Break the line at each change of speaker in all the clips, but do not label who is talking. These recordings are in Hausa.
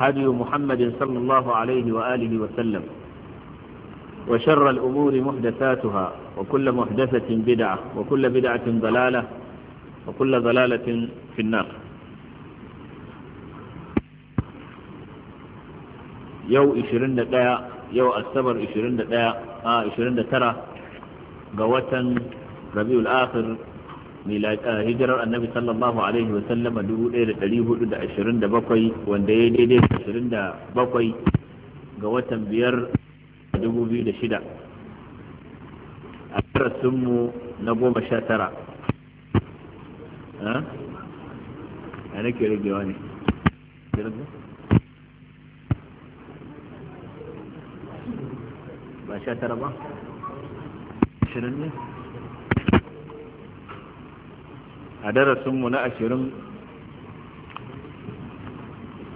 هدي محمد صلى الله عليه وآله وسلم وشر الأمور محدثاتها وكل محدثة بدعة وكل بدعة ضلالة وكل ضلالة في النار يو إشرين دقاء يو السبر إشرين دقاء آه إشرين دترة قوة ربيع الآخر Ah, hijirar annabi sallallahu alaihi wa sallama 1427 wanda ya daidai 27 ga watan biyar 2006 a karatunmu na goma sha tara ah? a nake ragewa ne ba sha tara ba 20 ne a darasinmu na ashirin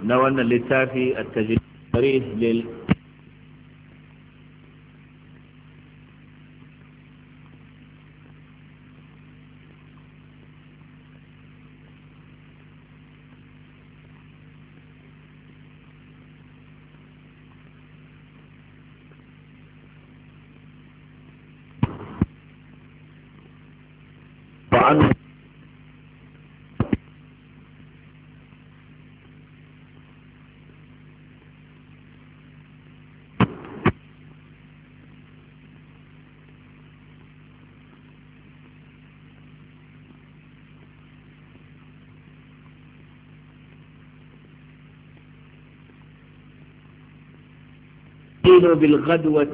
na wannan littafi a tajiri lil يأتون بالغدوة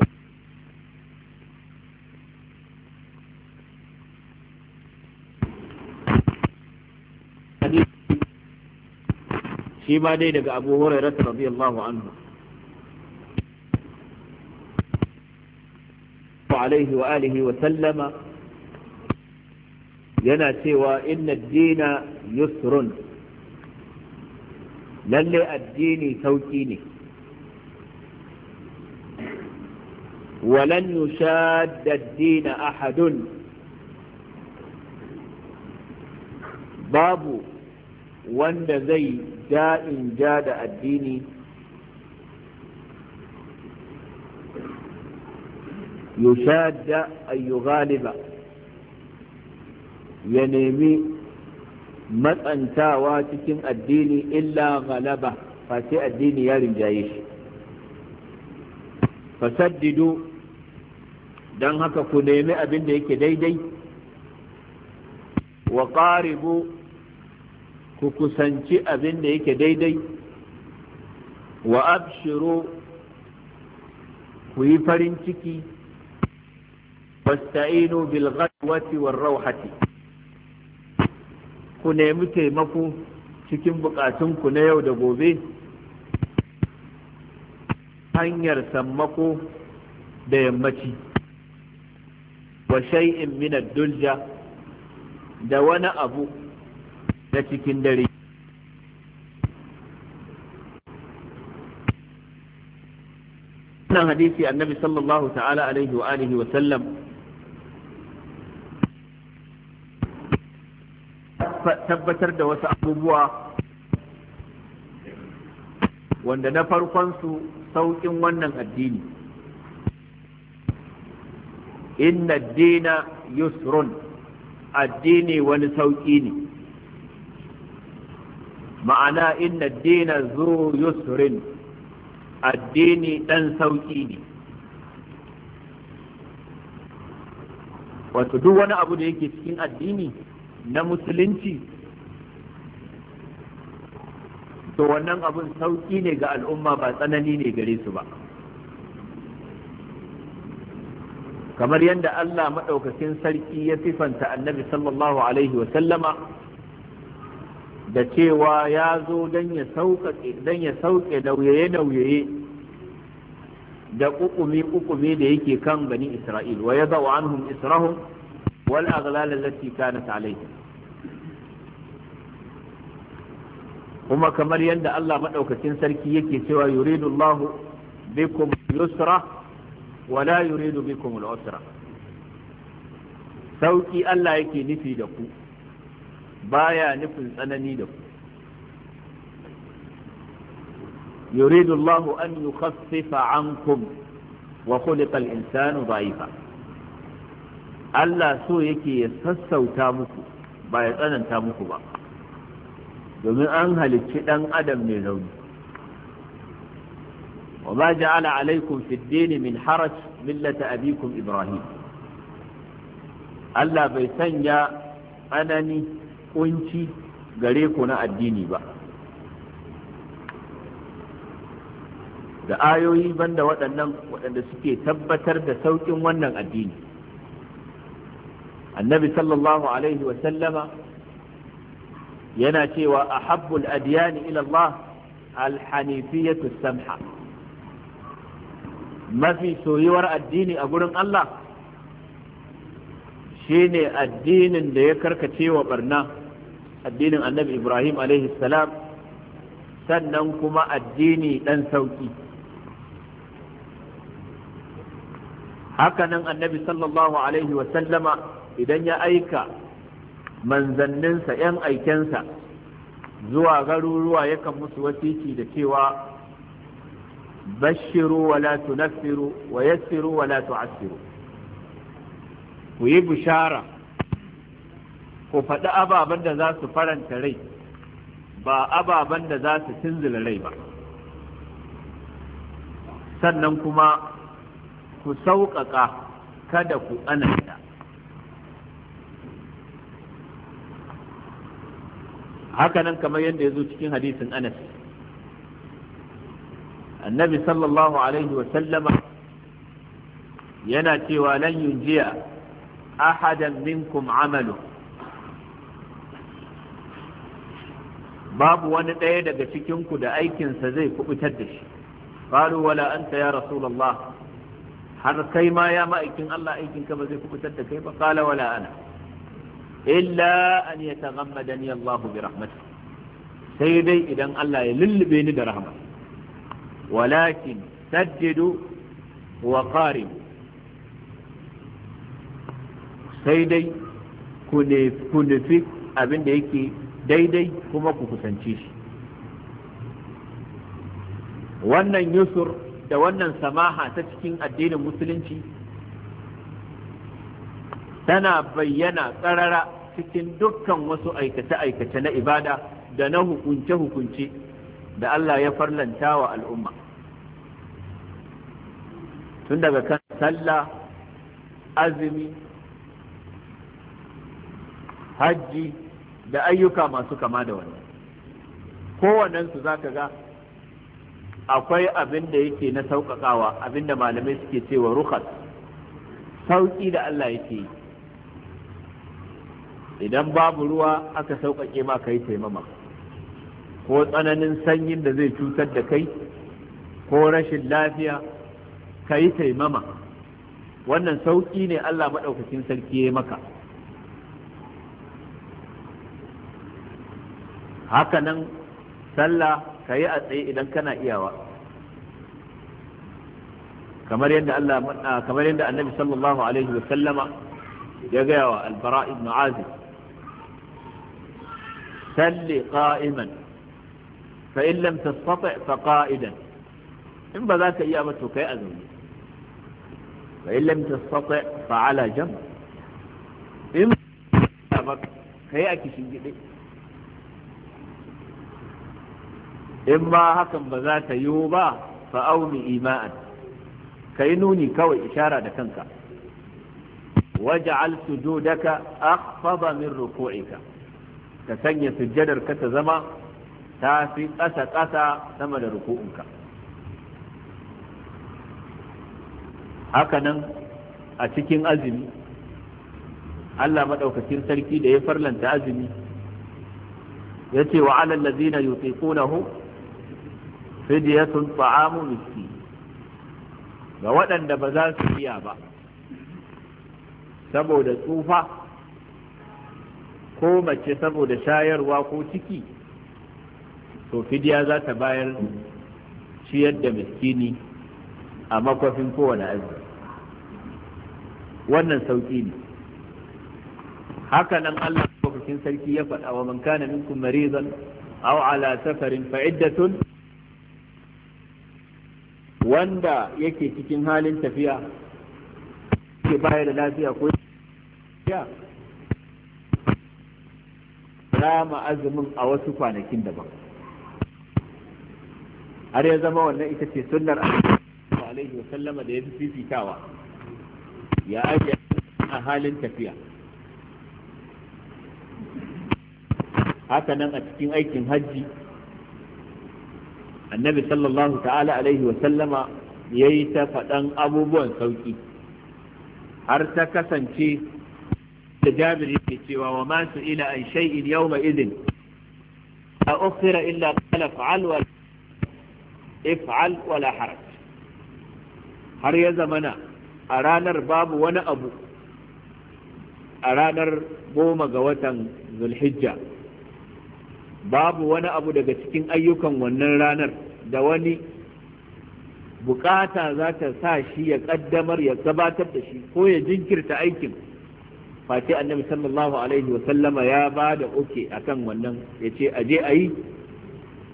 شيما دي أبو هريرة رضي الله عنه عليه وآله وسلم ينا سوى إن الدين يسر لن الدين توتيني ولن يشاد الدين أحد باب wanda zai daɗin ja da addini yushada ayyu galiba ya nemi matsantawa cikin addini illa galaba face addini ya rinjaye shi fasaddidu don haka ku nemi abin da yake daidai wa ƙaribu ku kusanci abin da yake daidai wa abshiru ku yi farin ciki wasta'inu bil ghadwati war rauhati ku nemi taimako cikin ku na yau da gobe hanyar sammako da yammaci wa shay'in min ad-dulja da wani abu da cikin dare wannan hadisi annabi sallallahu ta'ala alaihi wa alihi wa sallam tabbatar da wasu abubuwa wanda na farkon su sauƙin wannan addini inna dina yusrun addini wani sauƙi ne ma'ana inna dina zu yusrin addini ɗan sauƙi ne wato duk wani abu da yake cikin addini na musulunci to wannan abun sauƙi ne ga al'umma ba tsanani ne gare su ba kamar yadda Allah maɗaukakin sarki ya sifanta annabi sallallahu alaihi sallama da cewa ya zo don ya sauke nauyaye-nauyaye da ƙuƙumi-ƙuƙumi da yake kan bani Isra'il wa ya zawo anhum israhum wal aghlal allati kanat alaihim kuma kamar yadda Allah maɗaukakin sarki yake cewa yuridullahu bikum yusra ولا يريد بكم العسرة سوكي الله يكي نفي دكو بايا نفل سنني دكو يريد الله أن يخفف عنكم وخلق الإنسان ضعيفا الله سو يكي يسسو تامكو بايا سنن تامكو با ومن أنهل الشيطان أدم نزوجه wa ma ja'ala alaikum fid min haraj millata abikum ibrahim Allah bai sanya tsanani kunci gare ku na addini ba da ayoyi banda waɗannan waɗanda suke tabbatar da sauƙin wannan addini annabi sallallahu alaihi wasallama yana cewa ahabbul adiyani ila Allah alhanifiyatu samha mafi soyuwar addini a gurin Allah shi ne addinin da ya karkace wa barna addinin annabi Ibrahim alaihi salam sannan kuma addini ɗan sauki. hakanan annabi sallallahu alaihi wasallama idan ya aika manzanninsa 'yan aikensa zuwa garuruwa yakan musu wasiki da cewa bashiru wala tunaffiru wa yassiru wala tu'assiru ku yi bishara ku faɗi ababen da za su faranta rai ba ababen da za su tunzula rai ba sannan kuma ku sauƙaƙa kada ku haka hakanan kamar yadda ya zo cikin hadisin anas annabi sallallahu alaihi wa sallama yana cewa lan jiya. ahadan minkum amalu babu wani ɗaya daga cikinku da aikinsa zai kubutar da shi qalu wala anta ya rasulullah har kai ma ya ma'aikin Allah aikinka ba zai kubutar da kai ba qala wala ana illa an yataghammadani Allah bi rahmatihi sai dai idan Allah ya lullube ni da rahmatihi walakin saddidu wa qaribu sai dai ku nufi abin da yake daidai kuma ku kusance shi wannan yusur da wannan samaha ta cikin addinin musulunci tana bayyana ƙarara cikin dukkan wasu aikace-aikace na ibada da na hukunce-hukunce da Allah ya farlanta wa al'umma tun daga kan sallah azumi hajji da ayyuka masu kama da wannan kowannensu za ka ga akwai abin da yake na sauƙaƙawa abin da malamai suke cewa Rukhas. sauƙi da Allah yake yi idan babu ruwa aka sauƙaƙe ma ka yi taimama ko tsananin sanyin da zai cutar da kai ko rashin lafiya ka yi taimama wannan sauƙi ne Allah maɗaukacin sarki ya maka haka nan sallah ka yi a tsaye idan kana iyawa kamar yadda Allah kamar yadda annabi sallallahu alaihi wa sallama ya gaya wa albara ibn azib salli qa'iman fa in lam tastati fa in ba za ka yi ba to kai azumi fa in lam tastati fa ala in ba kai a kishin gide in ma hakan ba za ta yiwu ba fa auni nuni kawai ishara da kanka waj'al sujudaka akhfada min ruku'ika ka sanya sujjadarka ta zama ta fi ƙasa ƙasa sama da ruku'unka haka nan a cikin azumi Allah maɗaukacin sarki da ya farlanta azumi ya ce wa alal ladina yutiqunahu fidyatun ta'amu miski ga waɗanda ba za su iya ba saboda tsufa ko mace saboda shayarwa ko ciki to fidiya za ta bayar ciyar da miskini a makwafin kowane azumi wannan sauƙi ne haka nan Allah mafakin sarki ya faɗa wa man kana minkum maridan aw ala safarin fa'iddatun wanda yake cikin halin tafiya ke bayar da lafiya ko ya rama azumin a wasu kwanakin daban har ya zama wannan ita ce sunnar alaihi wa sallama da ya fi fifitawa ya ajiye a halin tafiya haka nan a cikin aikin hajji annabi sallallahu ta'ala alaihi wa sallama ya yi ta faɗan abubuwan sauƙi har ta kasance da jabir yake cewa wa masu ila an shay'in yawma idin a ukhira illa qala fa'al wa if'al wala haraj har ya zamana a ranar babu wani abu a ranar goma ga watan zulhijja babu wani abu daga cikin ayyukan wannan ranar da wani bukata za ta sa shi ya kaddamar ya gabatar da shi ko ya jinkirta aikin Fati annabi sallallahu alaihi wa sallama ya ba da oke akan wannan ya ce aje a yi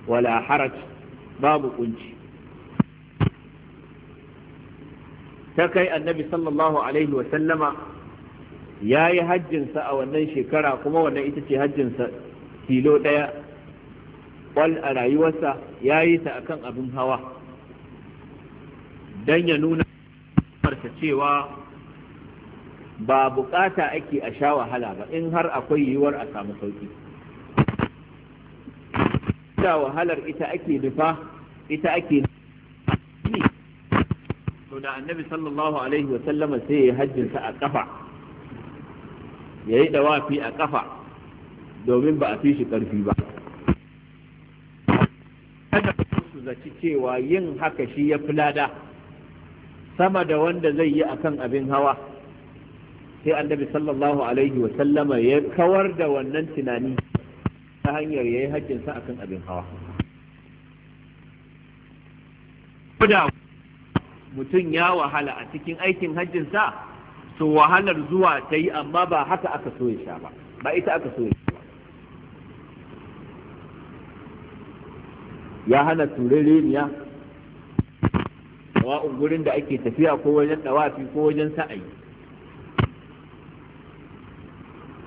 wala haraj babu kunci ta kai annabi sallallahu alaihi wa sallama ya yi hajjinsa a wannan shekara kuma wannan ita ce hajjinsa kilo ɗaya ƙwal a rayuwarsa ya yi ta akan abin hawa don ya nuna marsa cewa ba bukata ake a sha wahala ba in har akwai yiwuwar a samu sauki ita wahalar ita ake nufa ita ake to da annabi sallallahu alaihi wa sallama sai ya hajjinsa a kafa ya dawafi a kafa domin ba a fi shi karfi ba kada su zaci cewa yin haka shi ya fi lada sama da wanda zai yi akan abin hawa sai annabi sallallahu alaihi wa sallama ya kawar da wannan tunani ta hanyar yayi haƙƙin sa akan abin hawa koda mutum ya wahala a cikin aikin hajjin sa to wahalar zuwa ta yi amma ba haka aka so ya sha ba ba ita aka so ya sha ba ya hana turereniya a gurin da ake tafiya ko wajen dawafi ko wajen sa'ayi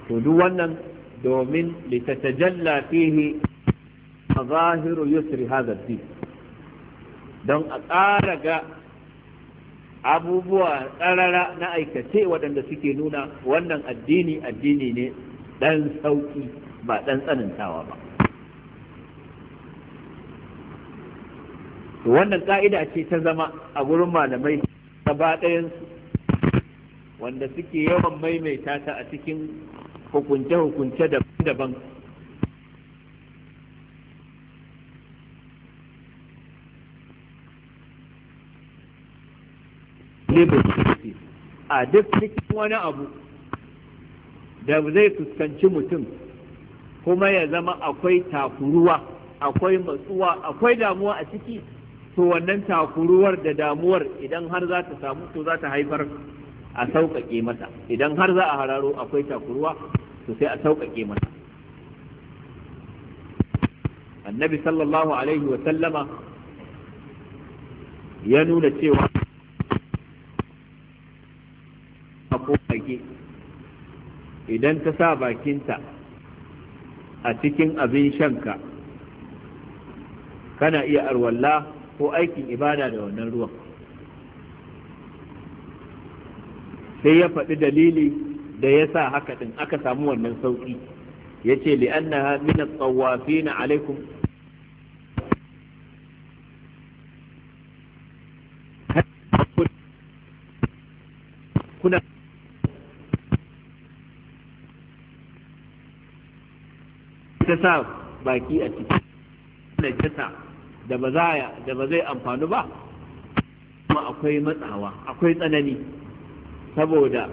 to duk wannan domin litatajalla fihi mazahiru yusri hadha don a ƙara ga abubuwa tsarara na aikace waɗanda suke nuna wannan addini addini ne ɗan sauƙi ba ɗan tsanantawa ba wannan ƙa'ida ce ta zama a gurin malamai gaba ɗayansu wanda suke yawan maimaita ta a cikin hukunce-hukunce daban-daban a duk cikin wani abu da zai fuskanci mutum kuma ya zama akwai takuruwa akwai matsuwa akwai damuwa a ciki to wannan takuruwar da damuwar idan har za ta samu to za ta haifar a sauƙaƙe masa idan har za a hararo akwai takurwa, to sai a sauƙaƙe mata. annabi sallallahu alaihi wa sallama ya nuna cewa a idan ta sa bakinta a cikin abin shanka kana iya arwalla ko aikin ibada da wannan ruwan sai ya faɗi dalili da ya sa haka ɗin aka samu wannan sauƙi ya ce li'annaha min tsawafina alaikum kuna ta sa baki a ciki najasa da ba zai amfani ba kuma akwai matsawa akwai tsanani saboda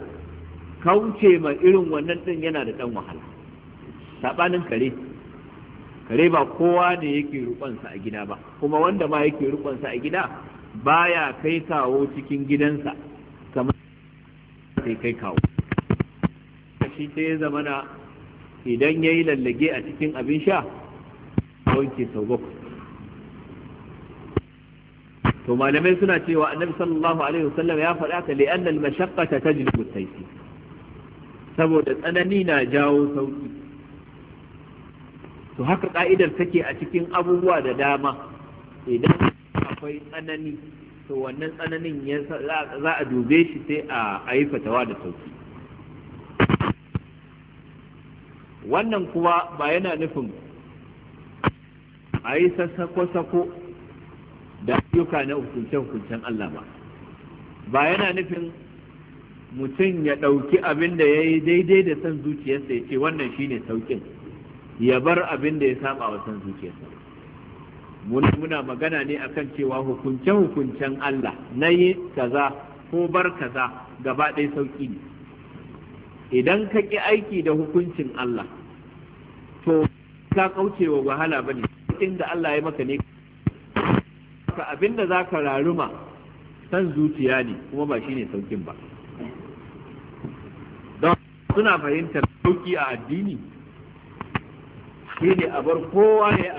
kauce ma irin wannan din yana da ɗan wahala saɓanin kare kare ba kowa ne yake rukonsa a gida ba kuma wanda ma yake rukonsa a gida baya kai kawo cikin gidansa kamar sai kai kawo shi ta ya zamana idan ya yi lallage a cikin abin sha wanke sau bakwai to malamai suna cewa annabi sallallahu alaihi wasallam ya faɗa ka li annal mashaqqata tajlibu saboda tsanani na jawo sauki to haka ka'idar take a cikin abubuwa da dama idan akwai tsanani to wannan tsananin za a dube shi sai a yi fatawa da sauki wannan kuwa ba yana nufin a yi sassako-sako da ayyuka na hukunce-hukuncen Allah ba ba yana nufin mutum ya ɗauki abin da ya yi daidai da san zuciyarsa ya ce wannan shi ne saukin ya bar abin da ya saba wa san zuciyarsa muna magana ne akan cewa hukunce-hukuncen Allah na yi kaza ko bar kaza gaba ɗaya sauki ne idan ka ƙi aiki da hukuncin Allah to ka kauce wa wahala bane da Allah ya maka ne ka abinda za ka raruma san zuciya ne kuma ba shine saukin ba don suna fahimtar sauki a addini ne a bar kowa ya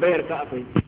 bayar ka a fahimci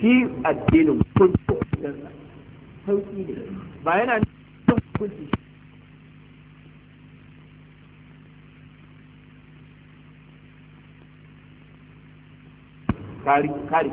shi addinin hukunci sauki ne ba yana nufin kari kari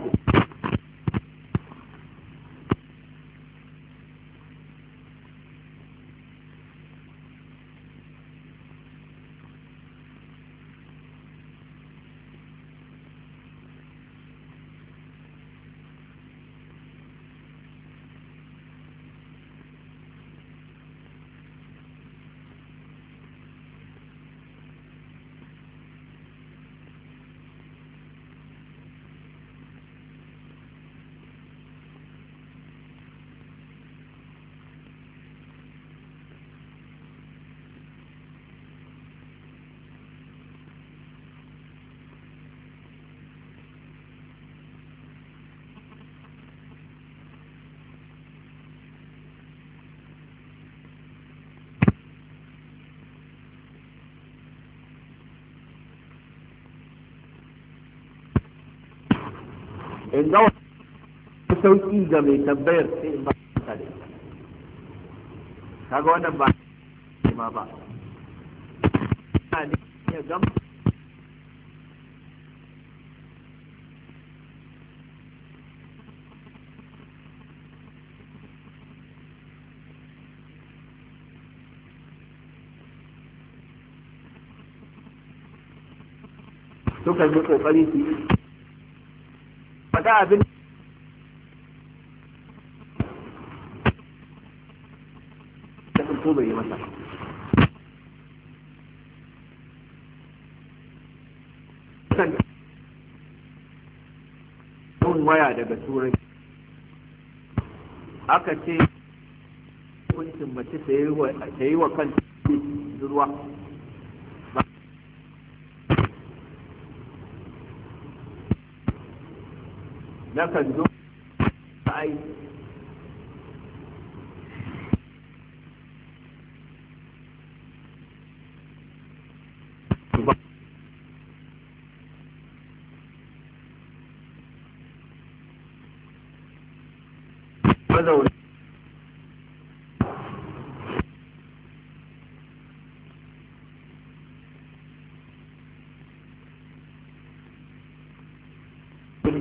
in ga wani sauki ga mai tambayar sai in ba ta da ita kaga wannan ba ma ba ne ya gama suka yi kokari su faɗa abin da fito bai yi masa kan waya daga turai aka ce kuncin mace ta yi wa kanta ruwa na kan zo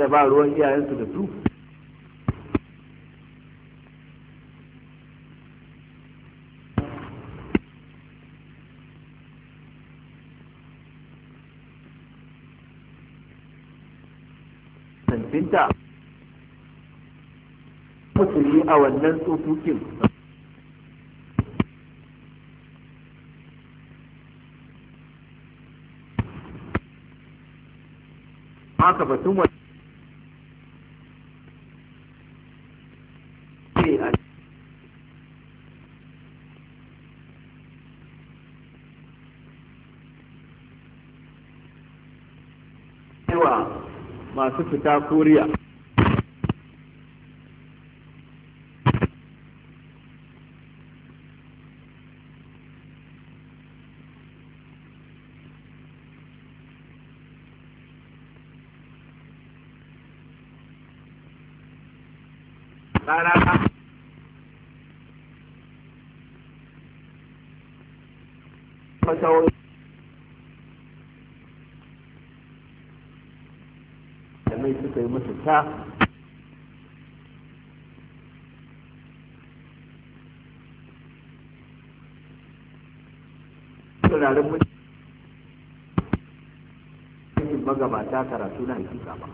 da ba ruwan iyayensu da su binta musulmi a wannan tsofokin haka batun wani masu fita kuriya Gracias.
kyauta
turaren mutum magabata karatu na hakika ba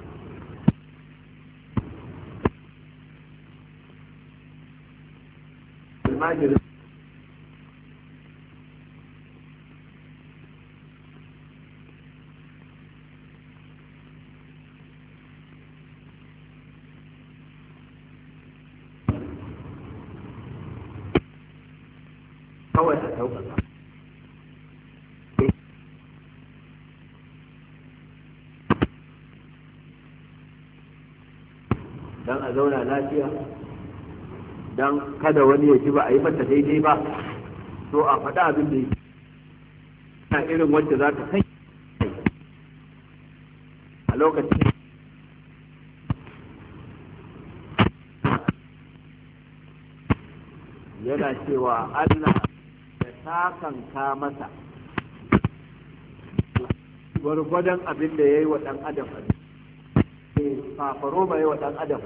lafiya don kada wani ya ji ba a yi mata daidai ba to a faɗa abin da ya irin wacce za ta kai a lokacin yana cewa Allah ya takanka masa gwargwadon abin da ya yi wa ɗan adam eh, fafaro ba ya yi wa ɗan adam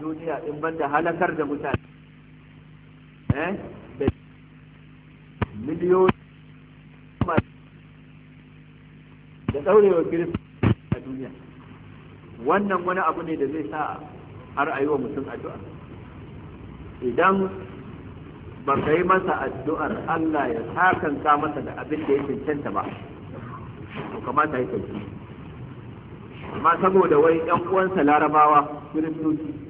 duniya in banda halakar da mutane eh da miliyoyi da daurewa kirista a duniya wannan wani abu ne da zai sa har a yi wa mutum addu'a idan ba ka yi masa addu'ar Allah ya sakanta masa da abin da ya cancanta ba to kamata ya sauki amma saboda wai ‘yan uwansa larabawa kiristoci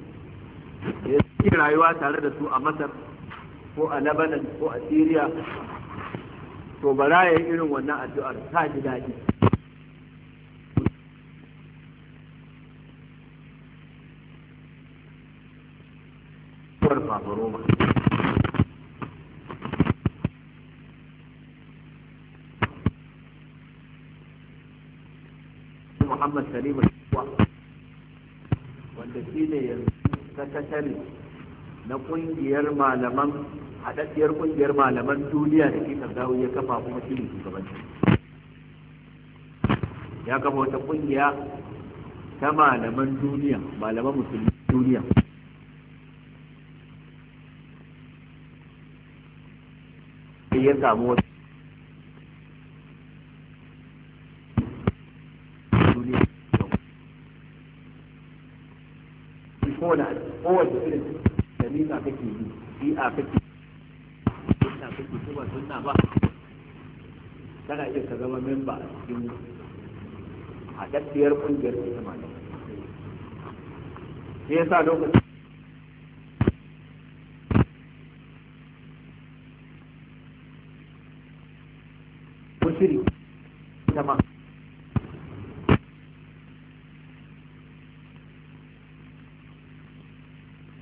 ya yi rayuwa tare da su a masar ko a lebanon ko a syria to bara ya yi irin wannan addu'ar ta ji daɗi Roma. Muhammad Salim wanda shi ne yanzu sakatare na kungiyar malaman haɗaɗɗiyar kungiyar malaman duniya da ke kardawo ya kafa kuma shi ne shugabanci ya kafa wata kungiya ta malaman duniya malaman musulmi duniya ya samu wata duniya kowane kowace irin dalila kake yi kake sunna kake ko ba sunna ba kana iya ka zama memba a cikin haɗaɗɗiyar ƙungiyar ta sai lokacin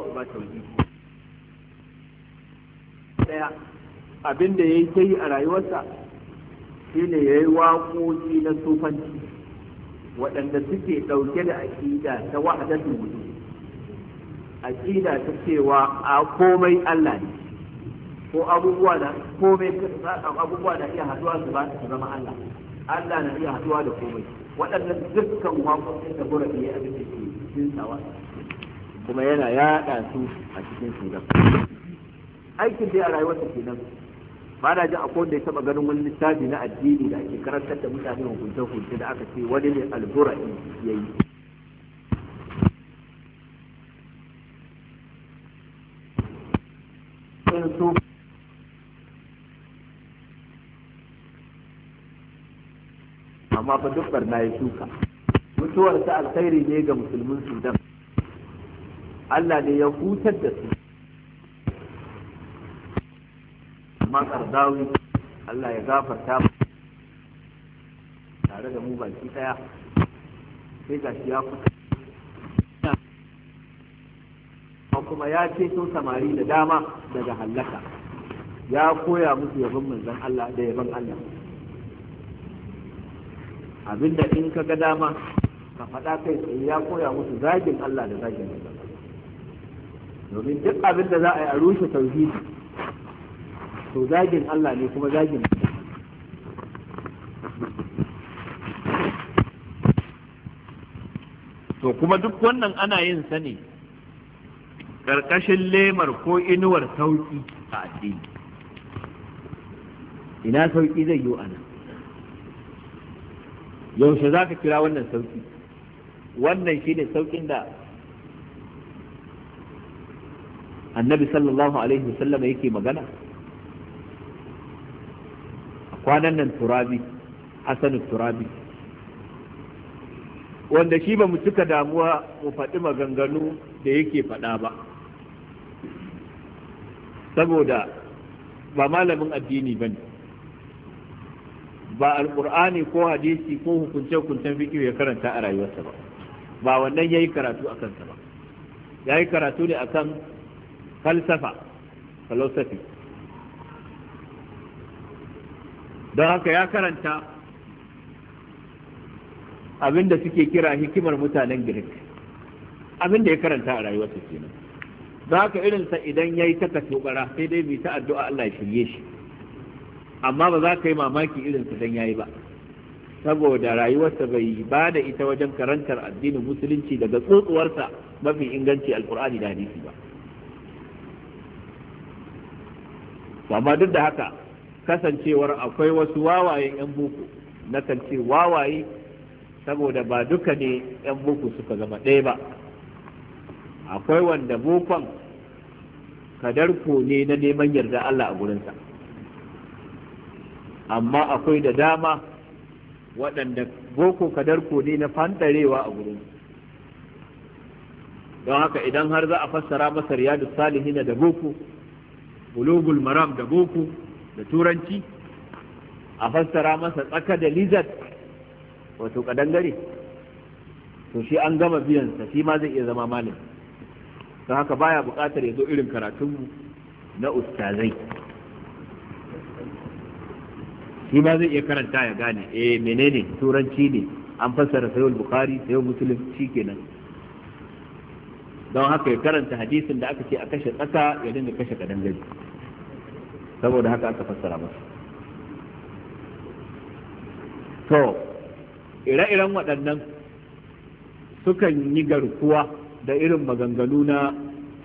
uwa uba tauhidi daya abin da yayi ta yi a rayuwarsa shine ya yayi waƙoƙi na sufanci waɗanda suke ɗauke da aƙida ta wahdatul wujud aƙida ta cewa a komai Allah ne ko abubuwa da komai abubuwa da iya haɗuwa su ba su zama Allah Allah na iya haɗuwa da komai waɗannan dukkan waƙoƙin da gura iya abin da ke jinsawa kuma yana yaɗa su a cikin sudan aikin dai a rayuwarsa kenan ba na ji akwai wanda ya taba ganin wani littafi na addini da ake karantar da mutane hukunce hukunce da aka ce wani ne in ya yi amma fa duk barna ya shuka mutuwar alkhairi ne ga musulmin sudan Allah ne ya hutar da su amma kardawi Allah ya gafarta tare da mu baki daya sai ga shi ya fita kuma ya ceto samari da dama daga hallaka ya koya musu yabon manzon Allah da yabon Allah abinda in ka ga dama ka faɗa kai tsaye ya koya musu zagin Allah da zagin manzon domin duk abin da za a yi a rushe tauhidi to zagin Allah ne kuma zagin to kuma duk wannan ana yin sa ne ƙarƙashin lemar ko inuwar sauƙi a addini ina sauƙi zai yi ana yaushe za ka kira wannan sauƙi wannan shine sauƙin da annabi sallallahu alaihi wasallam yake magana a kwanan nan turabi hasanu turabi wanda shi ba mu cika damuwa mu faɗi maganganu da yake faɗa ba saboda ba malamin addini ba ne ba alkur'ani ko hadisi ko hukunce-hukuncen fikiyu ya karanta a rayuwarsa ba ba wannan ya yi karatu a kansa ba ya yi karatu ne akan falsafa philosophy don haka ya karanta abinda suke kira hikimar mutanen Greek abinda ya karanta a rayuwarsa kenan don haka irinsa idan ya yi ta katobara sai dai bi ta addu'a Allah ya shirye shi amma ba za ka yi mamaki irinsa don ya yi ba saboda rayuwarsa bai ba da ita wajen karantar addinin musulunci daga tsotsuwarsa mafi inganci alkur'ani da hadisi ba to amma duk da haka kasancewar akwai wasu wawayen yan buku na kan ce wawaye saboda ba duka ne yan buku suka zama ɗaya ba akwai wanda bokon kadarko ne na neman yarda Allah a gurinsa amma akwai da dama waɗanda boko kadarko ne na fantarewa a gurinsa don haka idan har za a fassara masa riyadu salihina da boko bulugul maram da boko da turanci a fassara masa tsaka da lizard wato kadangare to shi an gama biyansa shi ma zai iya zama malami don haka baya buƙatar ya zo irin karatunmu na ustazai shi ma zai iya karanta ya gane eh menene turanci ne an fassara sayo bukhari sayo muslim kenan? don haka ya karanta hadisin da aka ce a kashe tsaka ya dinga kashe kadangare saboda haka aka fassara masa to ire-iren waɗannan sukan yi garkuwa da irin maganganu na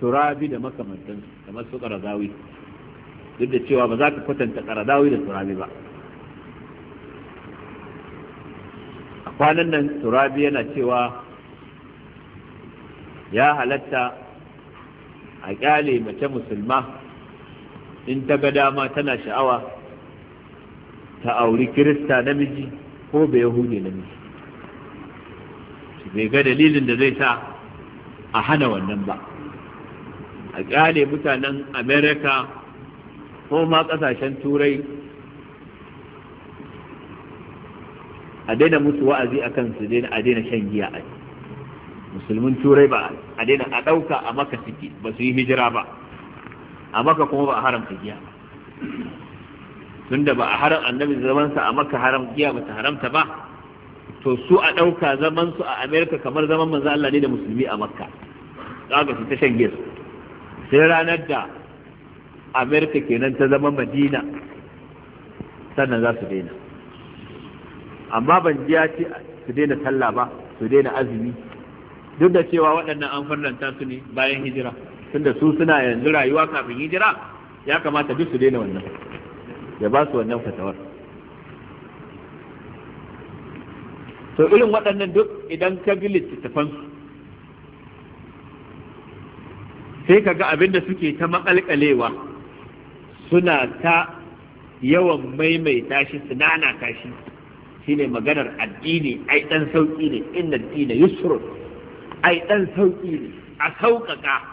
turabi da makamantan kamar su ƙarazawi duk da cewa ba za ka kwatanta ƙarazawi da turabi ba a kwanan nan turabi yana cewa ya halatta a ƙyale mace musulma in ta ga dama tana sha'awa ta auri kirista namiji ko bai yahudi namiji bai ga dalilin da zai sa a hana wannan ba a kyale mutanen amerika ko ma kasashen turai a daina musu wa'azi a kan su a daina shan giya a musulmin turai ba a daina a ɗauka a maka suke ba su yi hijira ba a maka kuma ba a haramta giya ba tunda ba a haram annabi zamansa a maka haram giya ba ta haramta ba to su a ɗauka zaman su a amerika kamar zaman manzo Allah ne da musulmi a makka kaga su ta shan giya sai ranar da amerika kenan ta zama madina sannan za su daina amma ban ji ya ce su daina sallah ba su daina azumi duk da cewa waɗannan an farlanta su ne bayan hijira tunda su suna yanzu rayuwa kafin hijira ya kamata duk su daina wannan ya ba su wannan fatawar to irin waɗannan duk idan ka bi littattafansu sai ka ga abin da suke ta makalkalewa suna ta yawan maimaita shi su nana kashi shine maganar addini ai dan sauki ne inna addina yusrun ai dan sauki ne a sauƙaƙa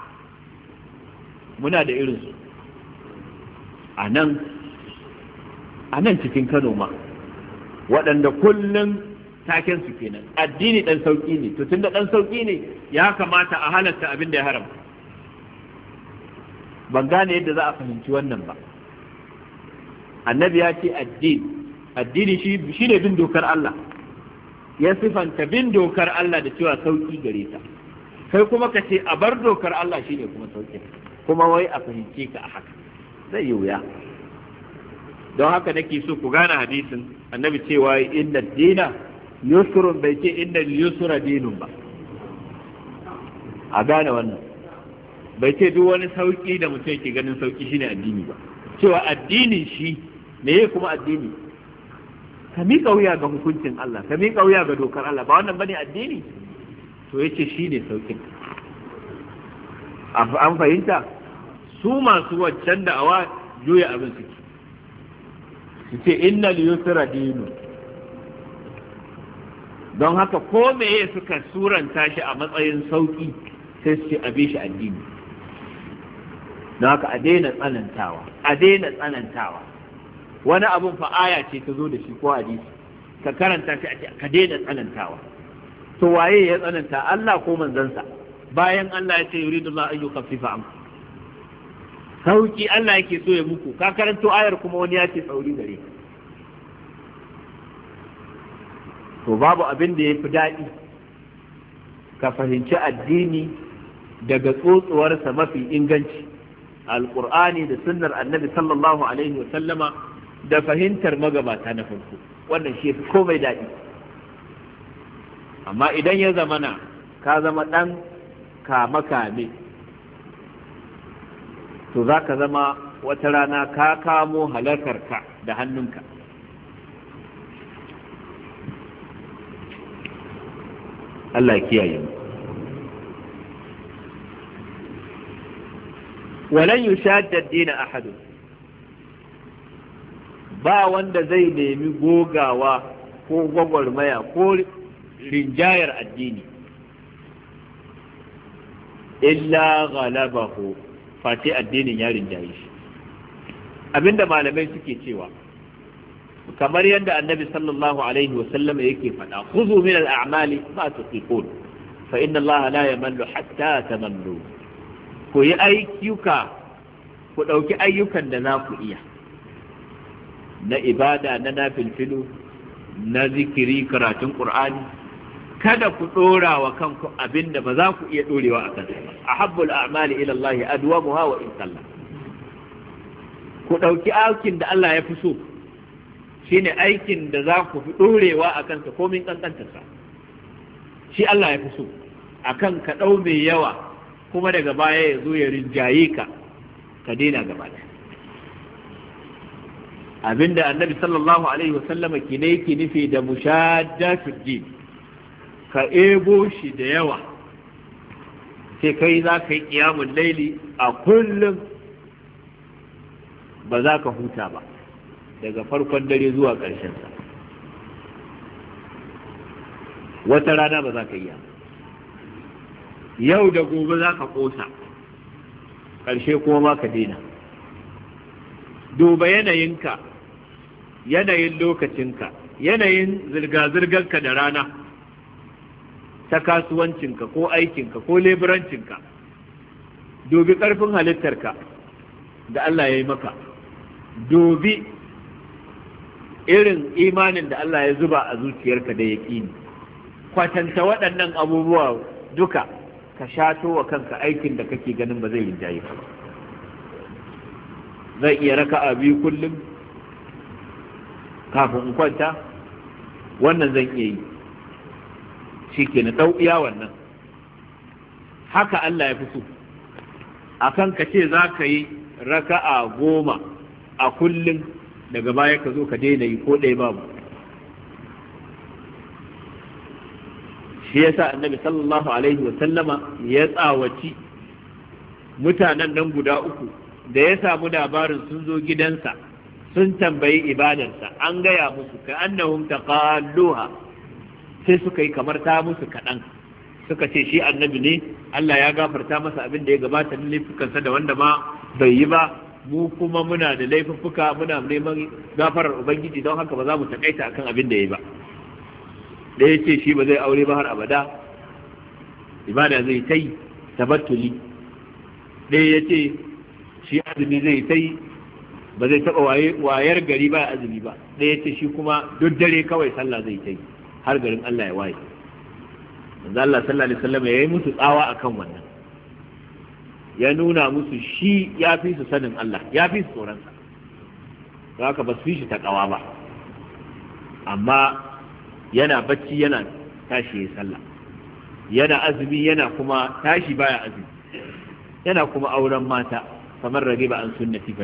muna da irin su, nan a nan cikin kano ma waɗanda kullum taken su kenan addini ɗan sauƙi ne to tunda ɗan sauki ne ya kamata a halarta abin da ya haram ban gane yadda za a fahimci wannan ba annabi ya ce addini addini shi ne bin dokar Allah ya sifanta bin dokar Allah da cewa sauƙi gare ta kai kuma ka ce a bar dokar Allah shi ne kuma sauki kuma wai a fahimce ka a haka zai yi wuya don haka nake so ku gane hadisin annabi cewa inna dina yusrun bai ce inna yusra dinun ba a gane wannan bai ce duk wani sauki da mutum yake ganin sauki shine addini ba cewa addinin shi me kuma addini ka miƙa wuya ga hukuncin Allah ka miƙa wuya ga dokar Allah ba wannan bane addini to yace shine saukin an fahimta su masu waccan da'awa juya abin suke su ce innal yusra dinu don haka ko meye suka suranta shi a matsayin sauki sai su ce abin shi addini don haka a daina tsanantawa a daina tsanantawa wani abun fa aya ce ta zo da shi ko hadisi ka karanta shi a ce ka daina tsanantawa to waye ya tsananta Allah ko manzansa bayan Allah ya ce yuridullahu ayyuka fi fa'am sauki Allah yake so ya muku ka karanto ayar kuma wani ya ce tsauri gare to babu abin da ya fi daɗi ka fahimci addini daga tsotsuwarsa mafi inganci alƙur'ani da sunnar annabi sallallahu alaihi wa sallama da fahimtar magabata na farko wannan shi fi komai daɗi amma idan ya zamana ka zama ɗan kame-kame to za ka zama wata rana ka kamo halakarka da hannunka Allah kiyaye mu walan yushadda din ahad ba wanda zai nemi gogawa ko gwagwarmaya ko rinjayar addini illa ghalabahu face addinin ya rinjaye abinda malamai suke cewa kamar yadda annabi sallallahu alaihi yake faɗa khudhu min al-a'mali ma tuqiqun fa inna Allah la yamallu hatta tamallu ku yi ayyuka ku ɗauki ayyukan da za ku iya na ibada na nafilfilu na zikiri karatun qur'ani kada ku dora wa kanku abinda ba za ku iya dorewa a kansa ba habbul a'mali ila Allah adwamuha wa in sallah ku dauki aikin da Allah ya fi so shine aikin da za ku fi dorewa a kansa kankanta sa, shi Allah ya fi so akan ka dau mai yawa kuma daga baya ya zo ya rinjaye ka ka daina gaba da abinda annabi sallallahu alaihi wasallama kine yake nufi da mushaddatud din ka ebo shi da yawa sai kai za ka yi ƙiyamun laili a kullum ba za ka huta ba daga farkon dare zuwa ƙarshensa wata rana ba za ka yi yau da gobe za ka ƙosa ƙarshe kuma ma ka daina duba yanayinka yanayin lokacinka yanayin zirga-zirgarka da rana ta kasuwancinka ko aikinka ko leburancinka dobi ƙarfin halittarka da Allah ya yi maka dobi irin imanin da Allah ya zuba a zuciyarka da ya yaƙini kwatanta waɗannan abubuwa duka ka shato wa kanka aikin da kake ganin ba zai rinjaye ba zai iya raka a biyu kullum kafin in kwanta wannan zan iya yi shi ke na ɗau'iya wannan haka Allah ya fi so a kan ka ce za ka yi raka'a goma a kullum daga baya ka zo ka daina yi ko ɗaya babu shi ya sa annabi sallallahu alaihi wa sallama ya tsawaci mutanen nan guda uku da ya samu labarin sun zo gidansa sun tambayi ibadarsa an gaya musu ka annahum taqalluha sai suka yi kamar ta musu kaɗan suka ce shi annabi ne Allah ya gafarta masa abin da ya gabata na laifukansa da wanda ma bai yi ba mu kuma muna da laifuffuka muna neman gafarar ubangiji don haka ba za mu takaita akan abin da ya yi ba da ya ce shi ba zai aure ba har abada ibada zai ta yi tabattuli ɗaya ya ce shi azumi zai ta ba zai taɓa wayar gari ba azumi ba ɗaya ya ce shi kuma duk dare kawai sallah zai ta har garin Allah ya waye manzo Allah sallallahu alaihi wasallam yayi musu tsawa akan wannan ya nuna musu shi ya fi su sanin Allah ya fi su tsoron sa haka ba su fi shi kawa ba amma yana bacci yana tashi ya sallah yana azumi yana kuma tashi baya azumi yana kuma auren mata kamar rage ba an sunnati fa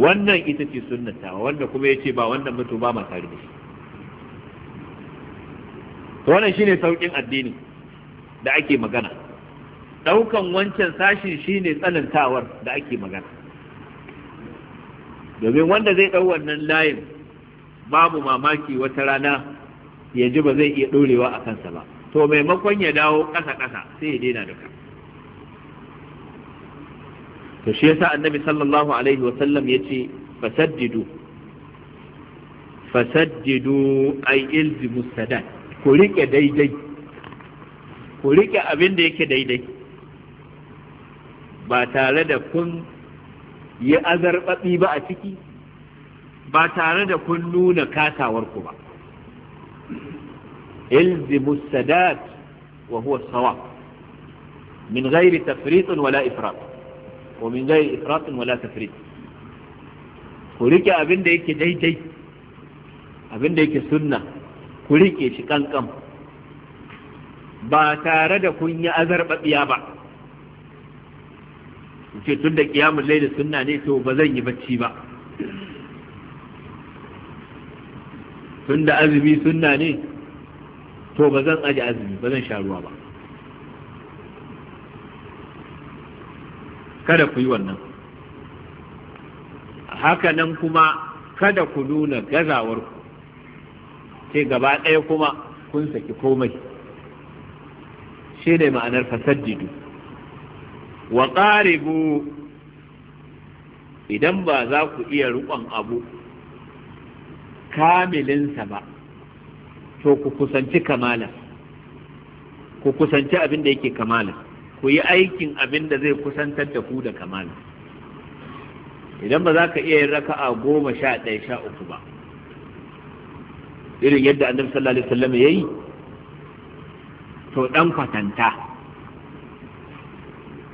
wannan ita ce sunnata wanda kuma yace ba wannan mutu ba ma tare da shi wannan shine saukin addini da ake magana daukan wancan sashin shine tsanantawar da ake magana domin wanda zai dau wannan layin babu mamaki wata rana ya ji ba zai iya dorewa a kansa ba to maimakon ya dawo ƙasa ƙasa sai ya daina duka to shi yasa annabi sallallahu alaihi wa sallam yace fasaddidu fasaddidu ay ilzimu sadat ku riƙe daidai ku riƙe abin da yake daidai ba tare da kun yi azarɓaɓi ba a ciki ba tare da kun nuna katawarku ba ilzimu sadat wa huwa sawa min ghairi tafriqin wala ifrat wa min ghairi ifratin wala tafriq ku riƙe abin da yake daidai abin da yake sunna ku rike shi ƙanƙan ba tare da kun yi azarɓaɓiya ba ce tun da ƙiyamun laila sunna ne to ba zan yi bacci ba tun da azumi sunna ne to ba zan aji azumi ba zan sha ruwa ba kada ku yi wannan haka nan kuma kada ku nuna gazawarku ce gaba ɗaya kuma kun saki komai shi ne ma'anar fasaddidu wa ƙaribu idan ba za ku iya rukon abu kamilinsa ba to ku kusanci kamala ku kusanci abin da yake kamala ku yi aikin abin da zai kusantar da ku da kamala idan ba za ka iya yin raka'a goma sha ɗaya sha uku ba irin yadda annabi sallallahu alaihi wasallam yayi to dan kwatanta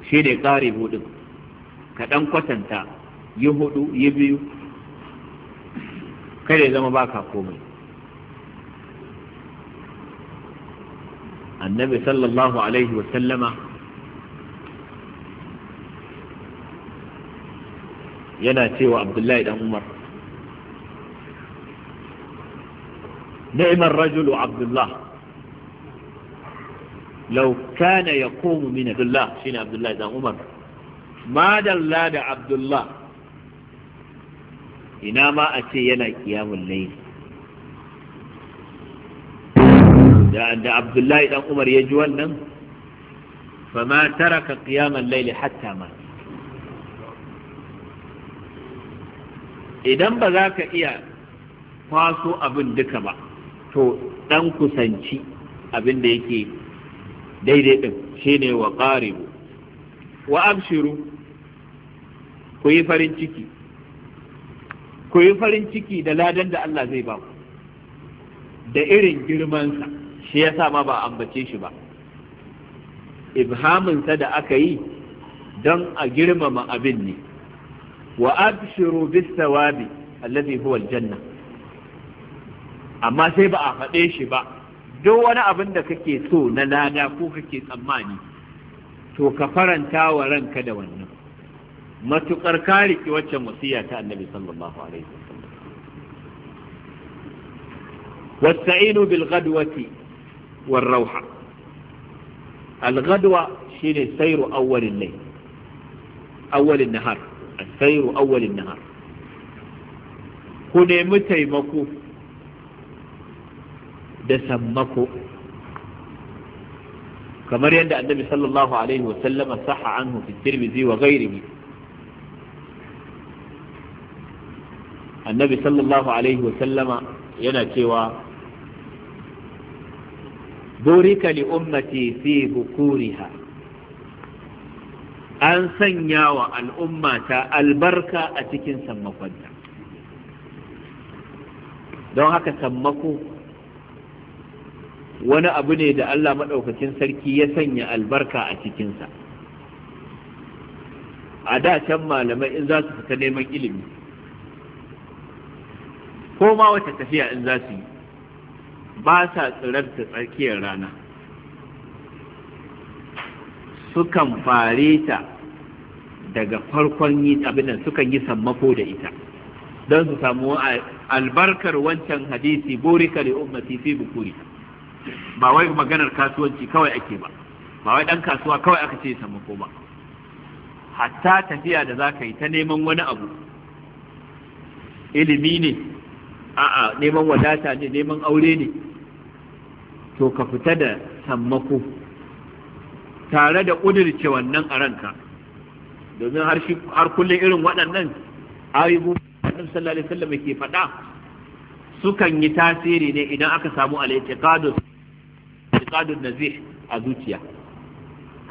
shi ne kare hudu ka dan kwatanta yi hudu yi biyu kada ya zama baka komai annabi sallallahu alaihi wasallama yana cewa abdullahi dan umar ni'mar Rajul abdullah لو كان يقوم من عبد الله شين عبد الله ده عمر ما دل عبد الله ina ma a ce yana kiyamun laili da abdullahi dan umar ya ji wannan fama taraka kiyamun laili hatta idan ba za ka iya kwaso abin duka ba to ɗan kusanci abin da yake daidai din shine wa qaribu wa abshiru ku yi farin ciki ku yi farin ciki da ladan da Allah zai ba ku da irin girmansa shi yasa ma ba ambace shi ba ibhaminsa da aka yi don a girmama abin ne wa abshiru bis sawabi allazi huwa aljanna amma sai ba a faɗe shi ba duk wani abin da kake so na lada ko kake tsammani to ka faranta wa ranka da wannan Matuƙar ka riki waccan wasiya ta annabi sallallahu alaihi wasallam
wasta'inu
bil ghadwati war rauha al ghadwa shine sayru awwalin layl awwalin nahar sayru awwalin nahar ku nemi taimako da sammako kamar yadda annabi sallallahu alaihi wa sallama sahha anhu fi tirmidhi wa gairihi. annabi sallallahu alaihi wa sallama yana cewa burika li ummati fi bukuriha an sanya wa al'ummata albarka a cikin sammakonta don haka sammako wani abu ne da Allah maɗaukacin sarki ya sanya albarka a cikinsa a da can malamai in za su fita neman ilimi ko ma wata tafiya in za su yi ba sa tsirar ta tsakiyar rana sukan fare ta daga farkon yi abinan sukan yi sammako da ita don su samu albarkar wancan hadisi borika li ummati fi bukuri ba wai maganar kasuwanci kawai ake ba ba wai dan kasuwa kawai aka ce samu ko ba hatta tafiya da zaka yi ta neman wani abu ilimi ne a'a neman wadata ne neman aure ne to ka fita da sammako tare da ƙudurce wannan a ranka domin har kullum irin waɗannan ayyubu annabi sallallahu alaihi wasallam ke faɗa sukan yi tasiri ne idan aka samu al-i'tiqadu i'tiqadun nazih a zuciya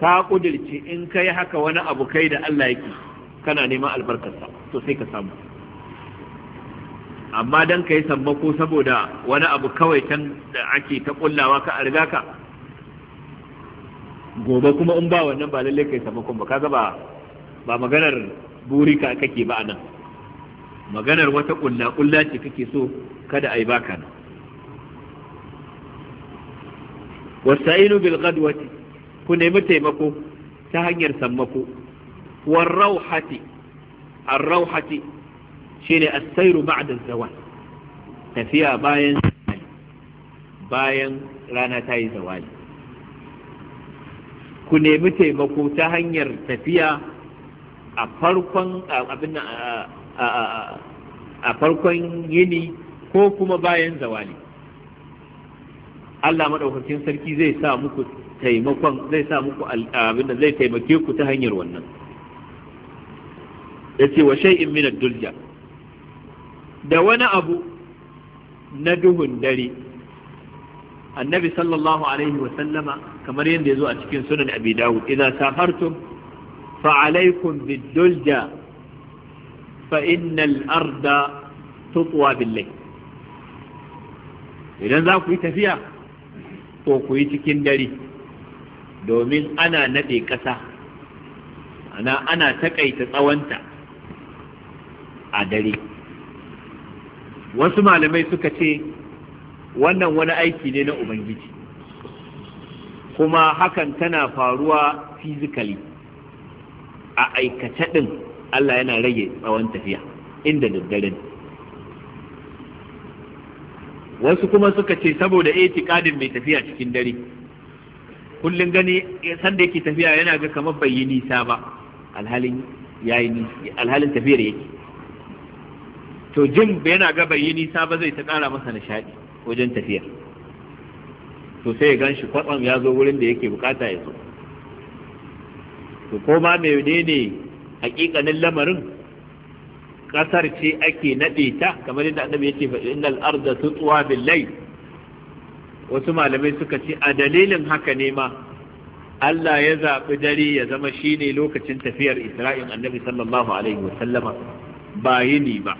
ka kudirce in kai haka wani abu kai da Allah yake kana neman albarka to sai ka samu amma dan kai sammako saboda wani abu kawai can da ake ta kullawa ka arga ka gobe kuma in ba wannan ba lalle kai sammakon ba kaga ba ba maganar ka kake ba anan maganar wata kulla kulla ce kake so kada ai baka nan wasta'inu bil ghadwati ku nemi taimako ta hanyar sammako war rauhati ar rauhati shine as-sayru ba'da zawal tafiya bayan bayan rana ta yi zawali ku nemi taimako ta hanyar tafiya a farkon abin a farkon yini ko kuma bayan zawali Allah maɗaukacin sarki zai sa muku taimakon zai sa muku abinda zai taimake ku ta hanyar wannan ce wa shay'in min ad-dulja da wani abu na duhun dare annabi sallallahu alaihi wa sallama kamar yadda yazo a cikin sunan abi dawud idza safartum fa alaykum bid-dulja fa innal arda tutwa bil-layl idan za ku yi tafiya to ku yi cikin dare domin ana naɗe ƙasa ana ana taƙaita tsawonta a dare wasu malamai suka ce wannan wani aiki ne na ubangiji kuma hakan tana faruwa fizikali a aikace ɗin Allah yana rage tsawon tafiya inda daddare ne wasu kuma suka ce saboda itikadin mai tafiya cikin dare kullun gani sanda yake tafiya yana ga kamar bai yi nisa ba alhalin tafiyar yake to jin yana ga bai yi nisa ba zai ta kara masa nishadi wajen tafiya to sai ya gan kwatsam ya zo wurin da yake bukata ya zo to ko ma ne hakikanin lamarin Ƙasar ce ake naɗe ta kamar yadda annabi yace fa innal arda tutwa bil layl wasu malamai suka ce a dalilin haka ne ma Allah ya zaɓi dare ya zama shine lokacin tafiyar Isra'il annabi sallallahu alaihi wa sallama ba yini ba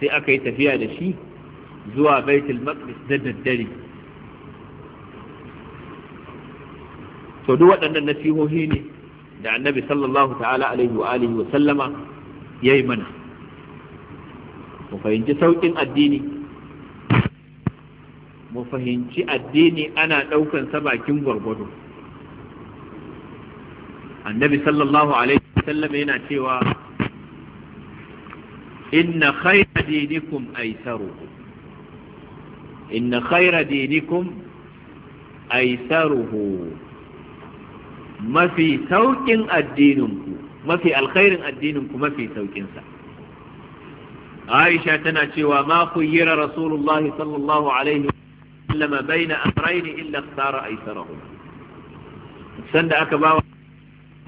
sai aka yi tafiya da shi zuwa baitul maqdis da daddare to duk waɗannan nasihohi ne da annabi sallallahu ta'ala alaihi wa alihi wa sallama yayi mana mu fahimci saukin addini mu fahimci addini ana daukan sabakin bakin gwargwado annabi sallallahu alaihi wa sallama yana cewa inna khayra dinikum aysarukum inna khayra dinikum aysaruhu mafi saukin addininku mafi alkhairin addininku mafi saukinsa Aisha tana cewa ma khayyara Rasulullah sallallahu alaihi wasallam baina amrayn illa ikhtara aysarahuma sanda aka ba wa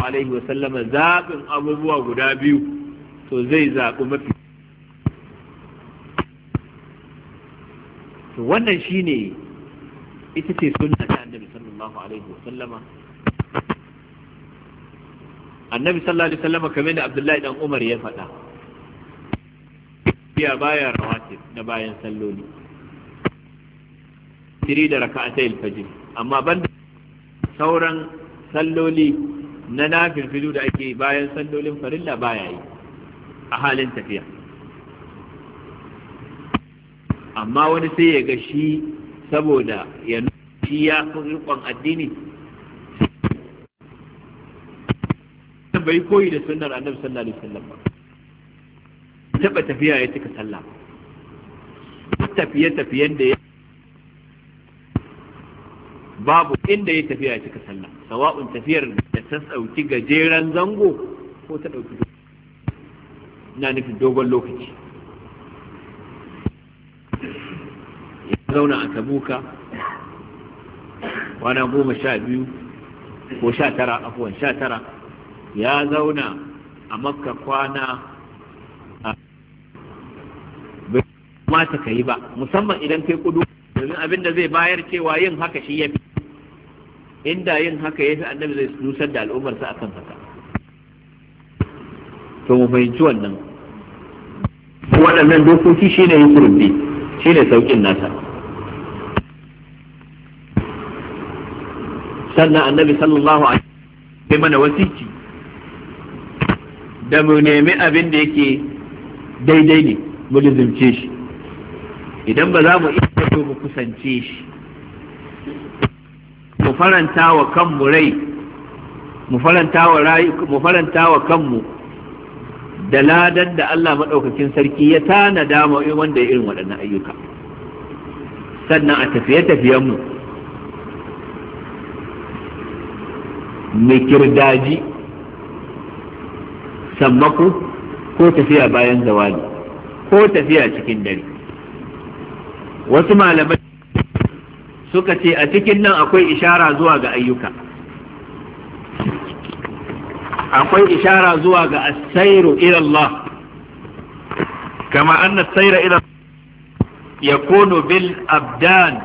alaihi wasallam zabin abubuwa guda biyu to zai zabi mafi to wannan shine ita ce sunna ta Annabi sallallahu alaihi wasallama annabi sallallahu alaihi wasallam kamar da abdullahi dan umar ya faɗa biya baya rawatib na bayan salloli tiri da raka'atai alfajr amma banda sauran salloli na nafilfilu da ake bayan sallolin farilla baya yi a halin tafiya amma wani sai ya ga shi saboda ya shi ya fi rikon addini bai koyi da sunnar annabi sallallahu alaihi wasallam ba taba tafiya ya cika sallah tafiye tafiyen da ya babu inda ya tafiya ya cika sallah sawa'un tafiyar da ta sauki gajeren zango ko ta dauki na nufin dogon lokaci ya zauna a tabuka
kwana goma sha
biyu ko sha tara afuwan sha tara ya zauna a makka kwana a mata ka yi ba musamman idan kai kudu domin abin da zai bayar cewa yin haka shi ya fi inda yin haka ya fi annabi zai nusar da al'ummarsa a kan haka to mu fahimci wannan waɗannan dokoki shi ne yin kurbi ne saukin nasa sannan annabi sallallahu alaihi mana wasiki da mu nemi abin da yake daidai ne mu lizimce shi idan ba za mu iya so mu kusance shi mu faranta wa kanmu rai mu faranta wa kanmu da ladan da Allah maɗaukakin sarki ya tanada mu wanda ya irin waɗannan ayyuka sannan a tafiye-tafiyenmu mu kirdaji sammako ko tafiya bayan zawali ko tafiya cikin dare wasu malamai suka ce a cikin nan akwai ishara zuwa ga ayyuka akwai ishara zuwa ga asairu ilallah kama anna saira ya kunu bil abdan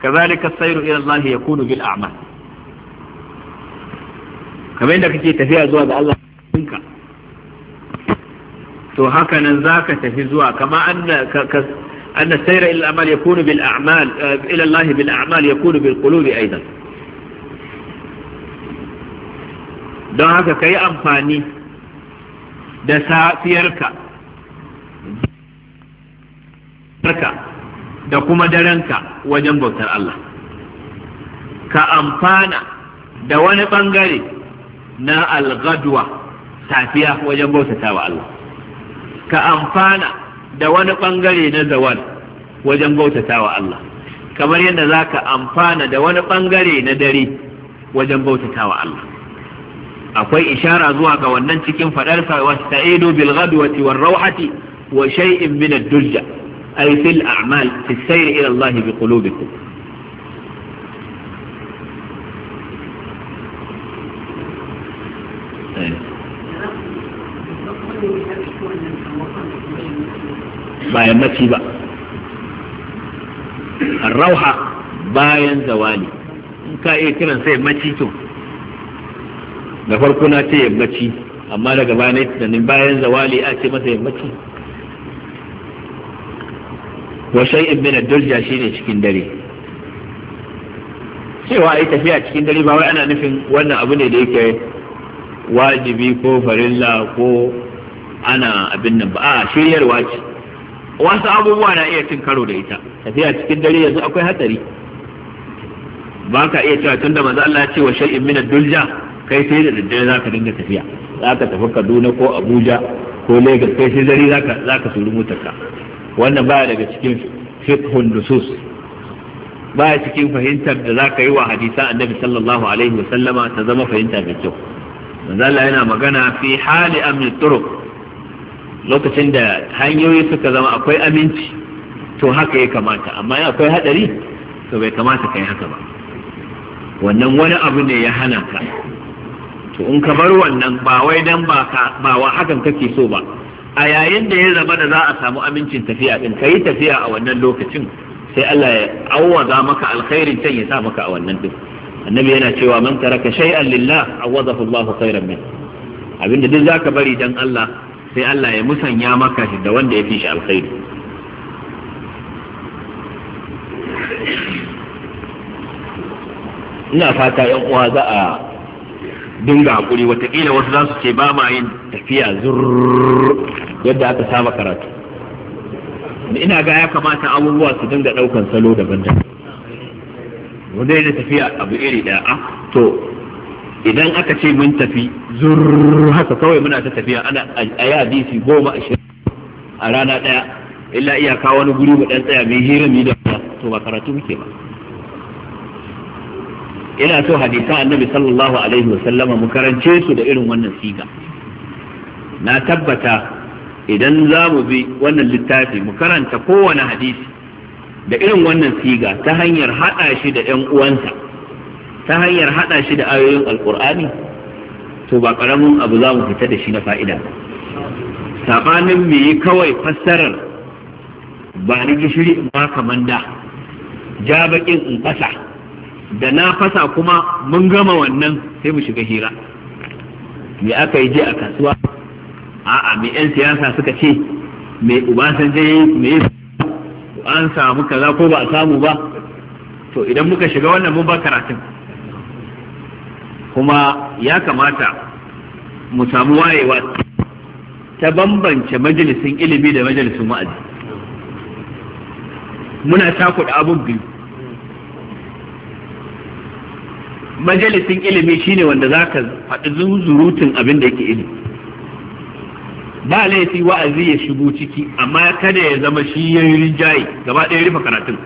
kazalika sairu ila ya kunu bil a'mal kamar yadda kake tafiya zuwa ga Allah ka to haka nan za ka tafi zuwa kama anna أن السير إلى الأعمال يكون بالأعمال إلى الله بالأعمال يكون بالقلوب أيضا don haka ka yi amfani da safiyarka da kuma darenka wajen bautar Allah ka amfana da wani bangare na algadwa safiya wajen bautata wa Allah ka amfana da wani bangare na zawal wajen bautatawa Allah kamar yadda za ka amfana da wani bangare na dare wajen bautatawa Allah akwai ishara zuwa ga wannan cikin fadarsa wasta'idu bil ghadwati war rawhati wa shay'in min ad-durja ay fil a'mal fi sayr ila Allah bi qulubikum ba yammaci ba rauha bayan zawali in ka iya kiran sai yammaci to da farko na ce yammaci amma daga bayan tunanin bayan zawali a ce masa yammaci wa in min ad-dulja ne cikin dare cewa a yi tafiya cikin dare ba wai ana nufin wannan abu ne da yake wajibi ko farilla ko ana abin nan ba a shiryarwa ce wasu abubuwa na iya cin karo da ita tafiya cikin dare yanzu akwai hatsari ba ka iya cewa tunda manzo Allah ya ce wa shay'in min dulja kai sai da daddare ka dinga tafiya ka tafi Kaduna ko Abuja ko Lagos kai sai dare za ka suru motarka wannan baya daga cikin fiqhun nusus baya cikin fahimtar da zaka yi wa hadisa annabi sallallahu alaihi wa sallama ta zama fahimta mai kyau manzo Allah yana magana fi hali amni turuq lokacin da hanyoyi suka zama akwai aminci to haka ya kamata amma in akwai hadari to bai kamata kai haka ba wannan wani abu ne ya hana ka to in ka bar wannan ba wai dan ba ka ba wa hakan kake so ba a yayin da ya zama da za a samu amincin tafiya din kai tafiya a wannan lokacin sai Allah ya awwaza maka alkhairin can ya sa maka a wannan din annabi yana cewa man taraka shay'an lillah awwazahu Allahu khairan min abinda duk zaka bari dan Allah sai Allah ya musanya maka shi da wanda ya fi shi alkhairi ina fata yan uwa za a dinga hakuri watakila wasu za su ce ba ma yin tafiya zurr yadda aka saba karatu ina ga ya kamata abubuwa su dinga daukan salo daban-daban wanda da tafiya abu iri daya ah, to idan aka ce mun tafi
zurr
haka kawai muna ta tafiya ana a yi hadisi goma ashirin a rana ɗaya illa iyaka wani guri mu ɗan tsaya mai hira mi da to ba karatu muke ba ina so hadisan annabi sallallahu alaihi wasallama mu karance su da irin wannan siga na tabbata idan za mu bi wannan littafi mu karanta kowane hadisi da irin wannan siga ta hanyar haɗa shi da 'yan uwansa ta hanyar haɗa shi da ayoyin alkur'ani to ba ƙaramin abu za mu fita da shi na fa'ida saɓanin me yi kawai fassarar ba ni gishiri in ba kaman da ja in fasa da na fasa kuma mun gama wannan sai mu shiga hira me aka yi je a kasuwa a'a me 'yan siyasa suka ce me ubasanje me an samu kaza ko ba a samu ba to idan muka shiga wannan mun ba karatun kuma ya kamata mu samu wayewa ta bambance majalisin ilimi da majalisin wa'azi muna da abun biyu majalisin ilimi shine wanda za ka faɗi zurutun abin da yake ilimi ba laifi wa'azi ya shigo ciki amma kada ya zama shi ya yi rinjaye gaba ɗaya rufe karatun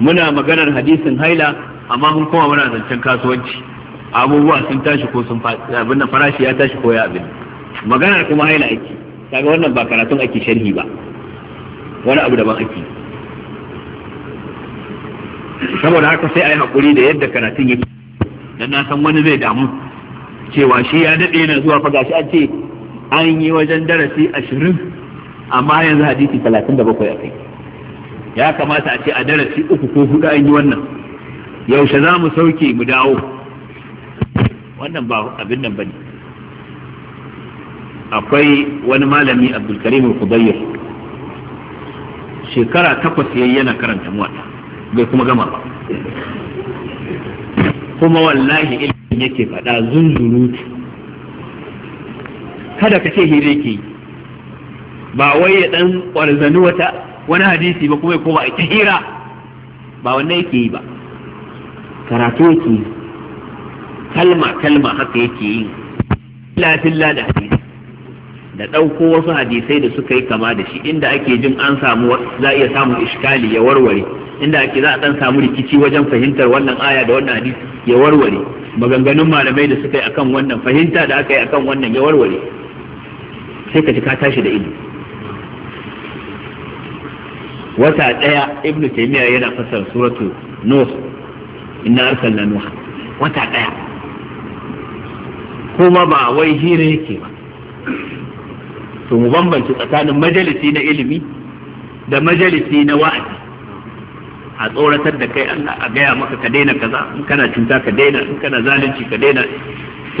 muna maganar hadisin haila amma mun kuma muna zancen kasuwanci abubuwa sun tashi ko sun abin da farashi ya tashi ko ya abin Magana kuma haila ake kaga wannan ba karatun ake sharhi ba wani abu daban ake saboda haka sai a yi haƙuri da yadda karatun yake dan na san wani zai damu cewa shi ya daɗe yana zuwa faga shi an ce an yi wajen darasi ashirin amma yanzu hadisi talatin da bakwai a kai ya kamata a ce a darasi uku ko hudu an yi wannan yaushe za mu sauke mu dawo wannan ba abin nan bane akwai wani malami abdulkarim kubayyar shekara takwas yayi yana karanta muwata bai kuma gama ba kuma wallahi ilimin yake faɗa zunzurutu kada ka ce hire ke ba wai ya ɗan ƙwarzani wata wani hadisi ba kuma ya koma ita hira ba wannan yake yi ba karatu yake yi kalma kalma haka yake yi lafilla da hadisi da ɗauko wasu hadisai da suka yi kama da shi inda ake jin an samu za a iya samun iskali ya warware inda ake za a ɗan samu rikici wajen fahimtar wannan aya da wannan hadisi ya warware maganganun malamai da suka yi akan wannan fahimta da aka yi akan wannan ya warware sai ka ji ka tashi da ilimi wata ɗaya ibnu taymiya yana fasar suratul nuh inna arsalna nuha wata ɗaya kuma ba wai hira yake ba to mu bambance tsakanin majalisi na ilimi da majalisi na wa'azi a tsoratar da kai Allah a gaya maka ka daina kaza in kana cuta ka daina in kana zalunci ka daina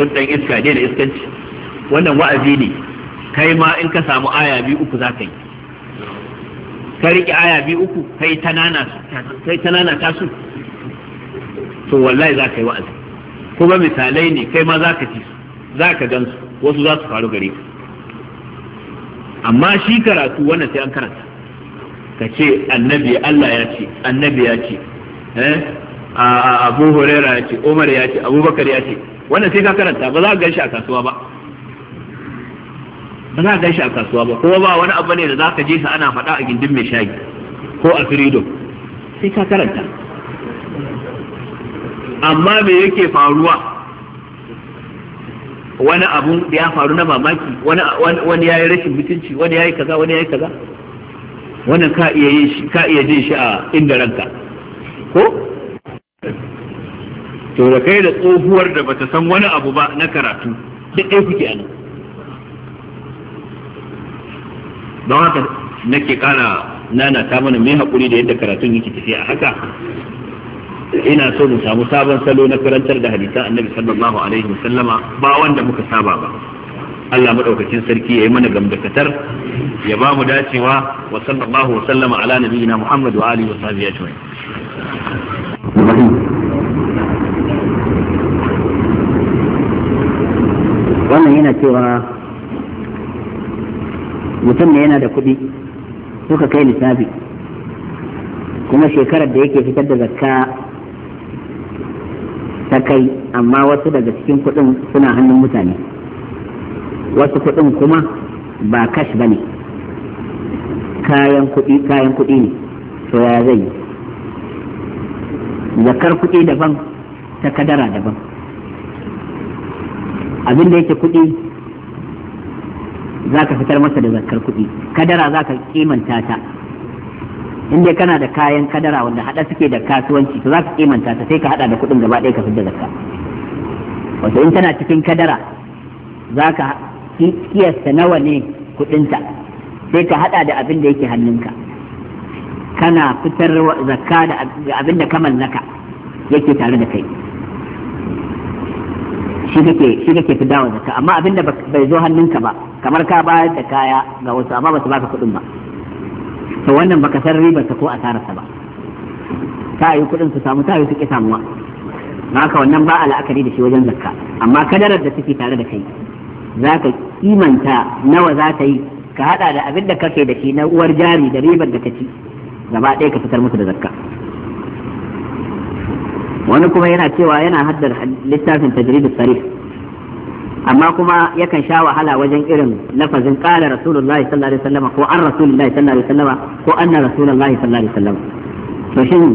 tun dan iska daina iskanci wannan wa'azi ne kai ma in ka samu aya biyu uku za ka yi ka riƙe aya biyu uku kai ta nana ta su to wallahi za ka yi wa'azi kuma misalai ne kai ma za ka ci su za ka gan su. wasu za su faru gare ka amma shi karatu wannan sai an karanta ka ce annabi Allah ya ce annabi ya ce eh Abu Huraira ya ce Umar ya ce Abubakar ya ce wannan sai ka karanta ba za ka gan shi a kasuwa ba ba za ka gan shi a kasuwa ba kuma ba wani abu ne da za ka je sa ana faɗa a gindin mai shayi ko a freedom sai ka karanta amma me yake faruwa wani abu da ya faru na mamaki wani ya yi rashin mutunci wani ya yi kaza wani ya yi kaza wannan ka iya yin shi ka iya jin shi a inda ranka ko to da kai da tsohuwar da bata san wani abu ba na karatu duk ɗaya kuke a nan don haka nake kana nana ta mana mai haƙuri da yadda karatun yake tafiya a haka ina so mu samu sabon salo na karantar da hadisan annabi sallallahu alaihi wasallama ba wanda muka saba ba Allah madaukakin sarki ya yi mana gamdakatar ya ba mu dacewa wa sallallahu wa sallama ala nabiyina Muhammad wa alihi wa sahbihi ajma'in
wannan yana cewa mutum ne yana da kuɗi suka kai lissafi kuma shekarar da yake fitar da zakka ta kai amma wasu daga cikin kuɗin suna hannun mutane wasu kuɗin kuma ba kash ba ne kayan kuɗi kayan kuɗi ne to ya zai zakar kuɗi daban ta kadara daban abin da yake kuɗi za ka fitar masa da zakar kuɗi kadara za ka kimanta ta in dai kana da kayan kadara wanda hada suke da kasuwanci to za ka kimanta ta sai ka hada da kuɗin gaba ɗaya ka fidda zakka wato in tana cikin kadara za ka kiyasta nawa ne kuɗinta sai ka hada da abin da yake hannunka kana fitar zakka da abin da ka mallaka yake tare da kai shi kake shi kake fidawa zakka amma abin da bai zo hannunka ba kamar ka bayar da kaya ga wasu amma ba su baka kuɗin ba to wannan baka san ribar ta ko asararsa ba ta yi kuɗin su samu ta yi suke samuwa. samuwa haka wannan ba la'akari da shi wajen zakka amma kadarar da take tare da kai za ka kimanta nawa za ta yi ka hada da abin da kake da shi na uwar jari da ribar da ka ci gaba ɗaya ka fitar musu da zakka wani kuma yana cewa yana haddar littafin tajrid sarih amma kuma yakan sha wahala wajen irin lafazin qala rasulullahi sallallahu alaihi wasallam ko an rasulullahi sallallahu alaihi wasallam ko anna rasulullahi sallallahu alaihi wasallam to shin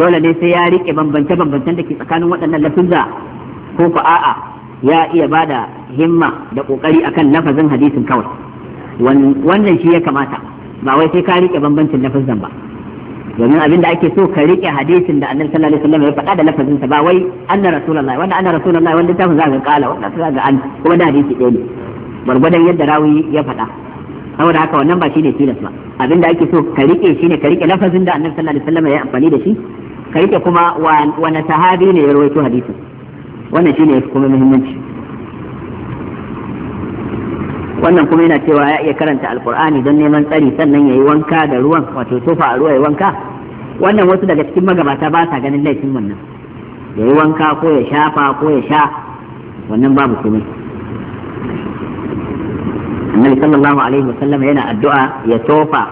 dole ne sai ya rike bambance bambancen da ke tsakanin waɗannan lafuzza ko ko a'a ya iya bada himma da kokari akan lafazin hadisin kawai wannan shi ya kamata ba wai sai ka rike bambancin lafazzan ba domin abin da ake so ka riƙe hadisin da annabi sallallahu alaihi wasallam ya faɗa da lafazin sa ba wai anna rasulullahi wanda anna rasulullahi wanda tafi zaka kala wanda tafi zaka an kuma da hadisi ɗaya ne gwargwadon yadda rawi ya faɗa saboda haka wannan ba shine tilas ba abin da ake so ka shi shine ka riƙe lafazin da annabi sallallahu alaihi wasallam ya amfani da shi ka riƙe kuma wani sahabi ne ya rawaito hadisin wannan shine kuma muhimmanci wannan kuma yana cewa ya iya karanta alkur'ani don neman tsari sannan ya yi wanka da ruwan wato tofa a ruwa ya wanka wannan wasu daga cikin magabata ba sa ganin laifin wannan ya yi wanka ko ya shafa ko ya sha wannan babu kuma annabi sallallahu alaihi wasallam yana addu'a ya tofa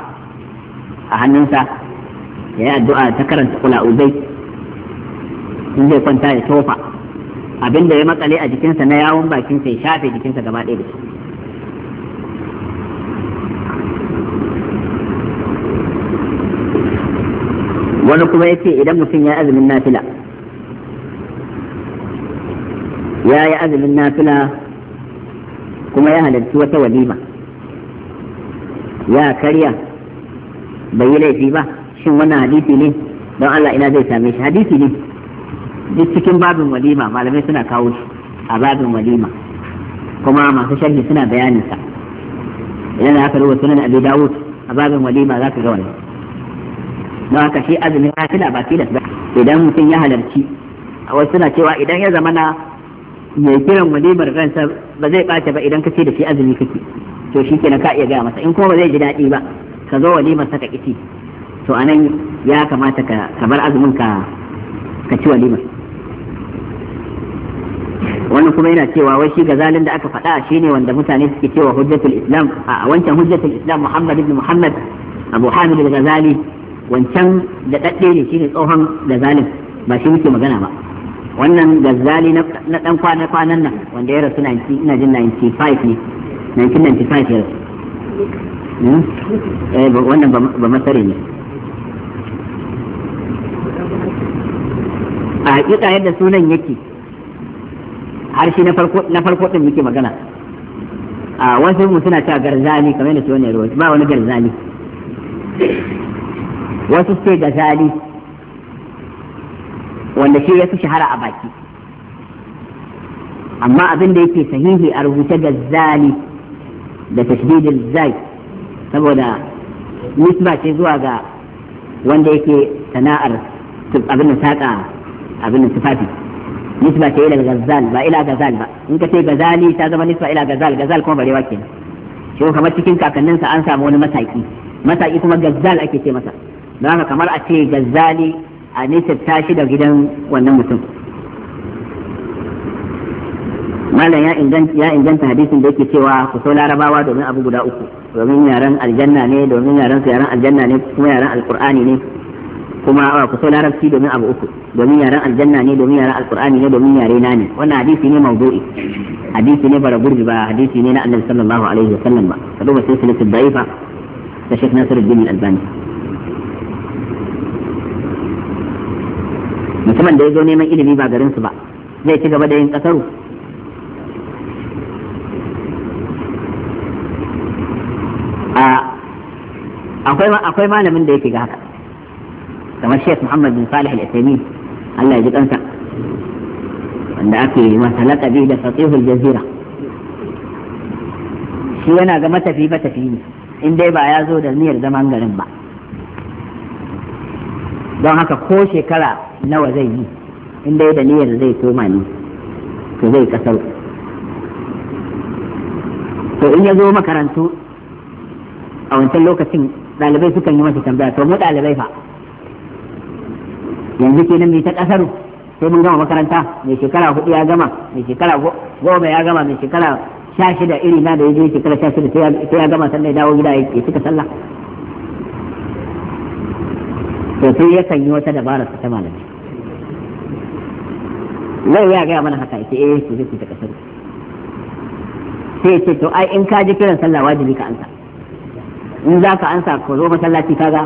a hannunsa ya yi addu'a ta karanta kula uzai in zai kwanta ya tofa abinda ya matsale a jikinsa na yawon bakinsa ya shafe jikinsa gaba ɗaya da shi wani kuma ya ce idan mutum ya azumin nafila ya yi azumin nafila kuma ya halarci wata walima ya karya bai yi laifi ba shin wannan hadisi ne don Allah ina zai same shi hadisi ne duk cikin babin walima malamai suna kawo shi a babin walima kuma masu sharhi suna bayaninsa idan aka rubuta sunan abi dawud a babin walima za ka ga wannan don haka shi azumin nafila ba tilas ba idan mutum ya halarci wasu suna cewa idan ya zamana mai kiran walimar ransa ba zai ɓace ba idan ka ce da shi azumi kake to shi kenan ka iya gaya masa in kuma ba zai ji daɗi ba ka zo walimar sa ka ƙi to anan ya kamata ka bar azumin ka ka ci walimar wannan kuma yana cewa wai shi gazalin da aka faɗa ne wanda mutane suke cewa hujjatul islam a wancan hujjatul islam muhammad ibn muhammad abu hamid al-ghazali wancan da ɗaɗɗe ne shi ne tsohon da zalim ba shi muke magana ba wannan zali na ɗan kwana kwanan nan wanda ya rasu ina jin 95 ne 1995 ya rasu hmm? eh, wannan ba masare ne a haƙiƙa yadda sunan yake harshe na farko ɗin muke magana a wasu mu suna cewa garzali kamar yadda shi wani ba wani garzali wasu ce gazali wanda shi ya fi shahara a baki amma abin da yake sahihi a rubuce gazali da tashdidin zai saboda nisba ce zuwa ga wanda yake sana'ar abin da saƙa abin da tufafi nisba ce ila gazal ba ila gazal ba in ka ce gazali ta zama nisba ila gazal gazal kuma barewa kenan shi kamar cikin kakanninsa an samu wani mataki mataki kuma gazal ake ce masa don haka kamar a ce gazzali a nesa shi da gidan wannan mutum malam ya inganta hadisin da yake cewa ku so larabawa domin abu guda uku domin yaren aljanna ne domin yaren su yaren aljanna ne kuma yaren alkur'ani ne kuma ku so larabci domin abu uku domin yaren aljanna ne domin yaren alkur'ani ne domin yare na ne wannan hadisi ne mawdu'i hadisi ne bara gurbi ba hadisi ne na annabi sallallahu alaihi sallam ba kaduba silsilatul da'ifa da Sheikh Nasiruddin Al-Albani mutumin da ya zo neman ilimi ba garin su ba zai ci gaba da yin kasaru akwai malamin da yake ga haka kamar Sheikh Muhammad bin Salih al-Uthaymeen Allah ya ji kansa wanda ake yi masa laqabi da Fatihul Jazira shi yana ga matafi matafi ne in dai ba ya zo da niyyar zaman garin ba don haka ko shekara nawa zai yi in dai da niyyar zai koma ne to zai kasar to in ya zo makarantu a wancan lokacin ɗalibai sukan yi masa tambaya to mu ɗalibai fa yanzu kenan mai ta ƙasar sai mun gama makaranta mai shekara hudu ya gama mai shekara goma ya gama mai shekara sha shida iri na da ya je shekara sha shida sai ya gama sannan ya dawo gida ya cika sallah to sai yakan yi wata dabara ta malami wai ya gaya mana haka ita eh to zai ta kasar sai ce to ai in ka ji kiran sallah wajibi ka ansa in za ka ansa ko zo masallaci kaga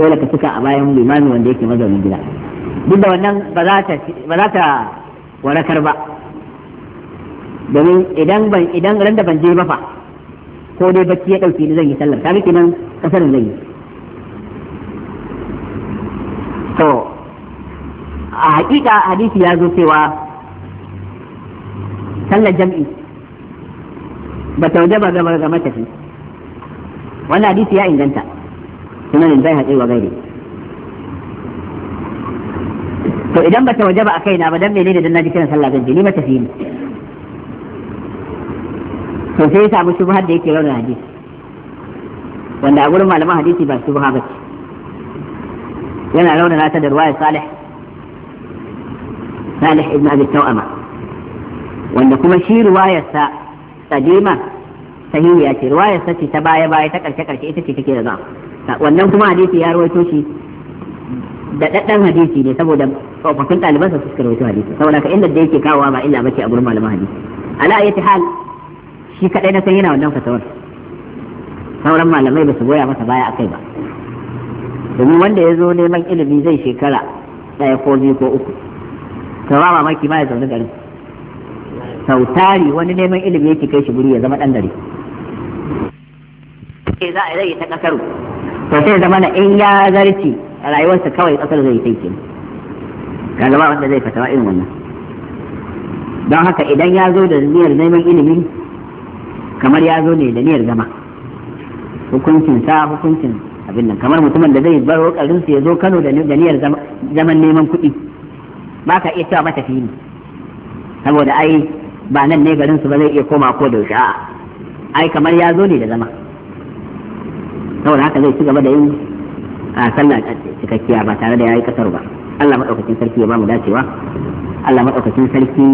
dole ka cika a bayan limami wanda yake mazaunin gida duk da wannan ba za ta warakar ba domin idan ban idan ran da ban je ba fa ko dai bacci ya dauke ni zan yi sallar ta nan kasar zan yi a hakika hadisi ya zo cewa sallar jam'i ba ta wajaba ga matafi wannan hadisi ya inganta ne bai haƙi wa gairi to idan ba ta wajaba a kaina ba dan menene dan naji kiran sallah jam'i ni matafi ne to sai ya samu shubhar da yake raunin hadisi wanda a gurin malaman hadisi ba shubha ba ce yana na ta da ruwayar salih salih ibn abi tawama wanda kuma shi riwayarsa qadima sahihiya ce riwayarsa ce ta baya baya ta karshe karshe ita ce take da za wannan kuma hadisi ya rawaito shi da daddan hadisi ne saboda tsofaffin ɗalibansa su suka rawaito hadisi saboda ka inda da yake kawowa ba illa bace a gurin malaman hadisi ala ayati hal shi kadai na san yana wannan fatawar sauran malamai ba su goya masa baya akai ba domin wanda ya zo neman ilimi zai shekara ɗaya ko biyu ko uku ta ba mamaki ma ya zaune gari sautari wani neman ilimi yake kai shi guri ya zama ɗan gari ke za a rage ta ƙasar to sai zama na in ya zarci a rayuwarsa kawai ƙasar zai kai kenan kaga ba wanda zai fatawa irin wannan don haka idan ya zo da niyyar neman ilimi kamar ya zo ne da niyyar zama hukuncin sa hukuncin abin nan kamar mutumin da zai bar karinsu ya zo Kano da niyyar zaman neman kuɗi ba ka iya cewa mata fili saboda ai ba nan ne garinsu ba zai iya koma ko da yaushe a'a ai kamar ya zo ne da zama saboda haka zai ci gaba da yin a sallah cikakkiya ba tare da ya yi kasar ba Allah maɗaukacin sarki ya ba mu dacewa Allah maɗaukacin sarki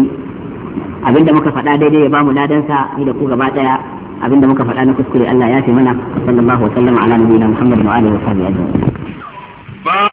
abinda muka faɗa daidai ya mu ladansa ni da ku gaba ɗaya
abinda muka faɗa na kuskure Allah ya fi mana sallallahu wa sallama ala nabiyina Muhammadin wa alihi wa sahbihi ajma'in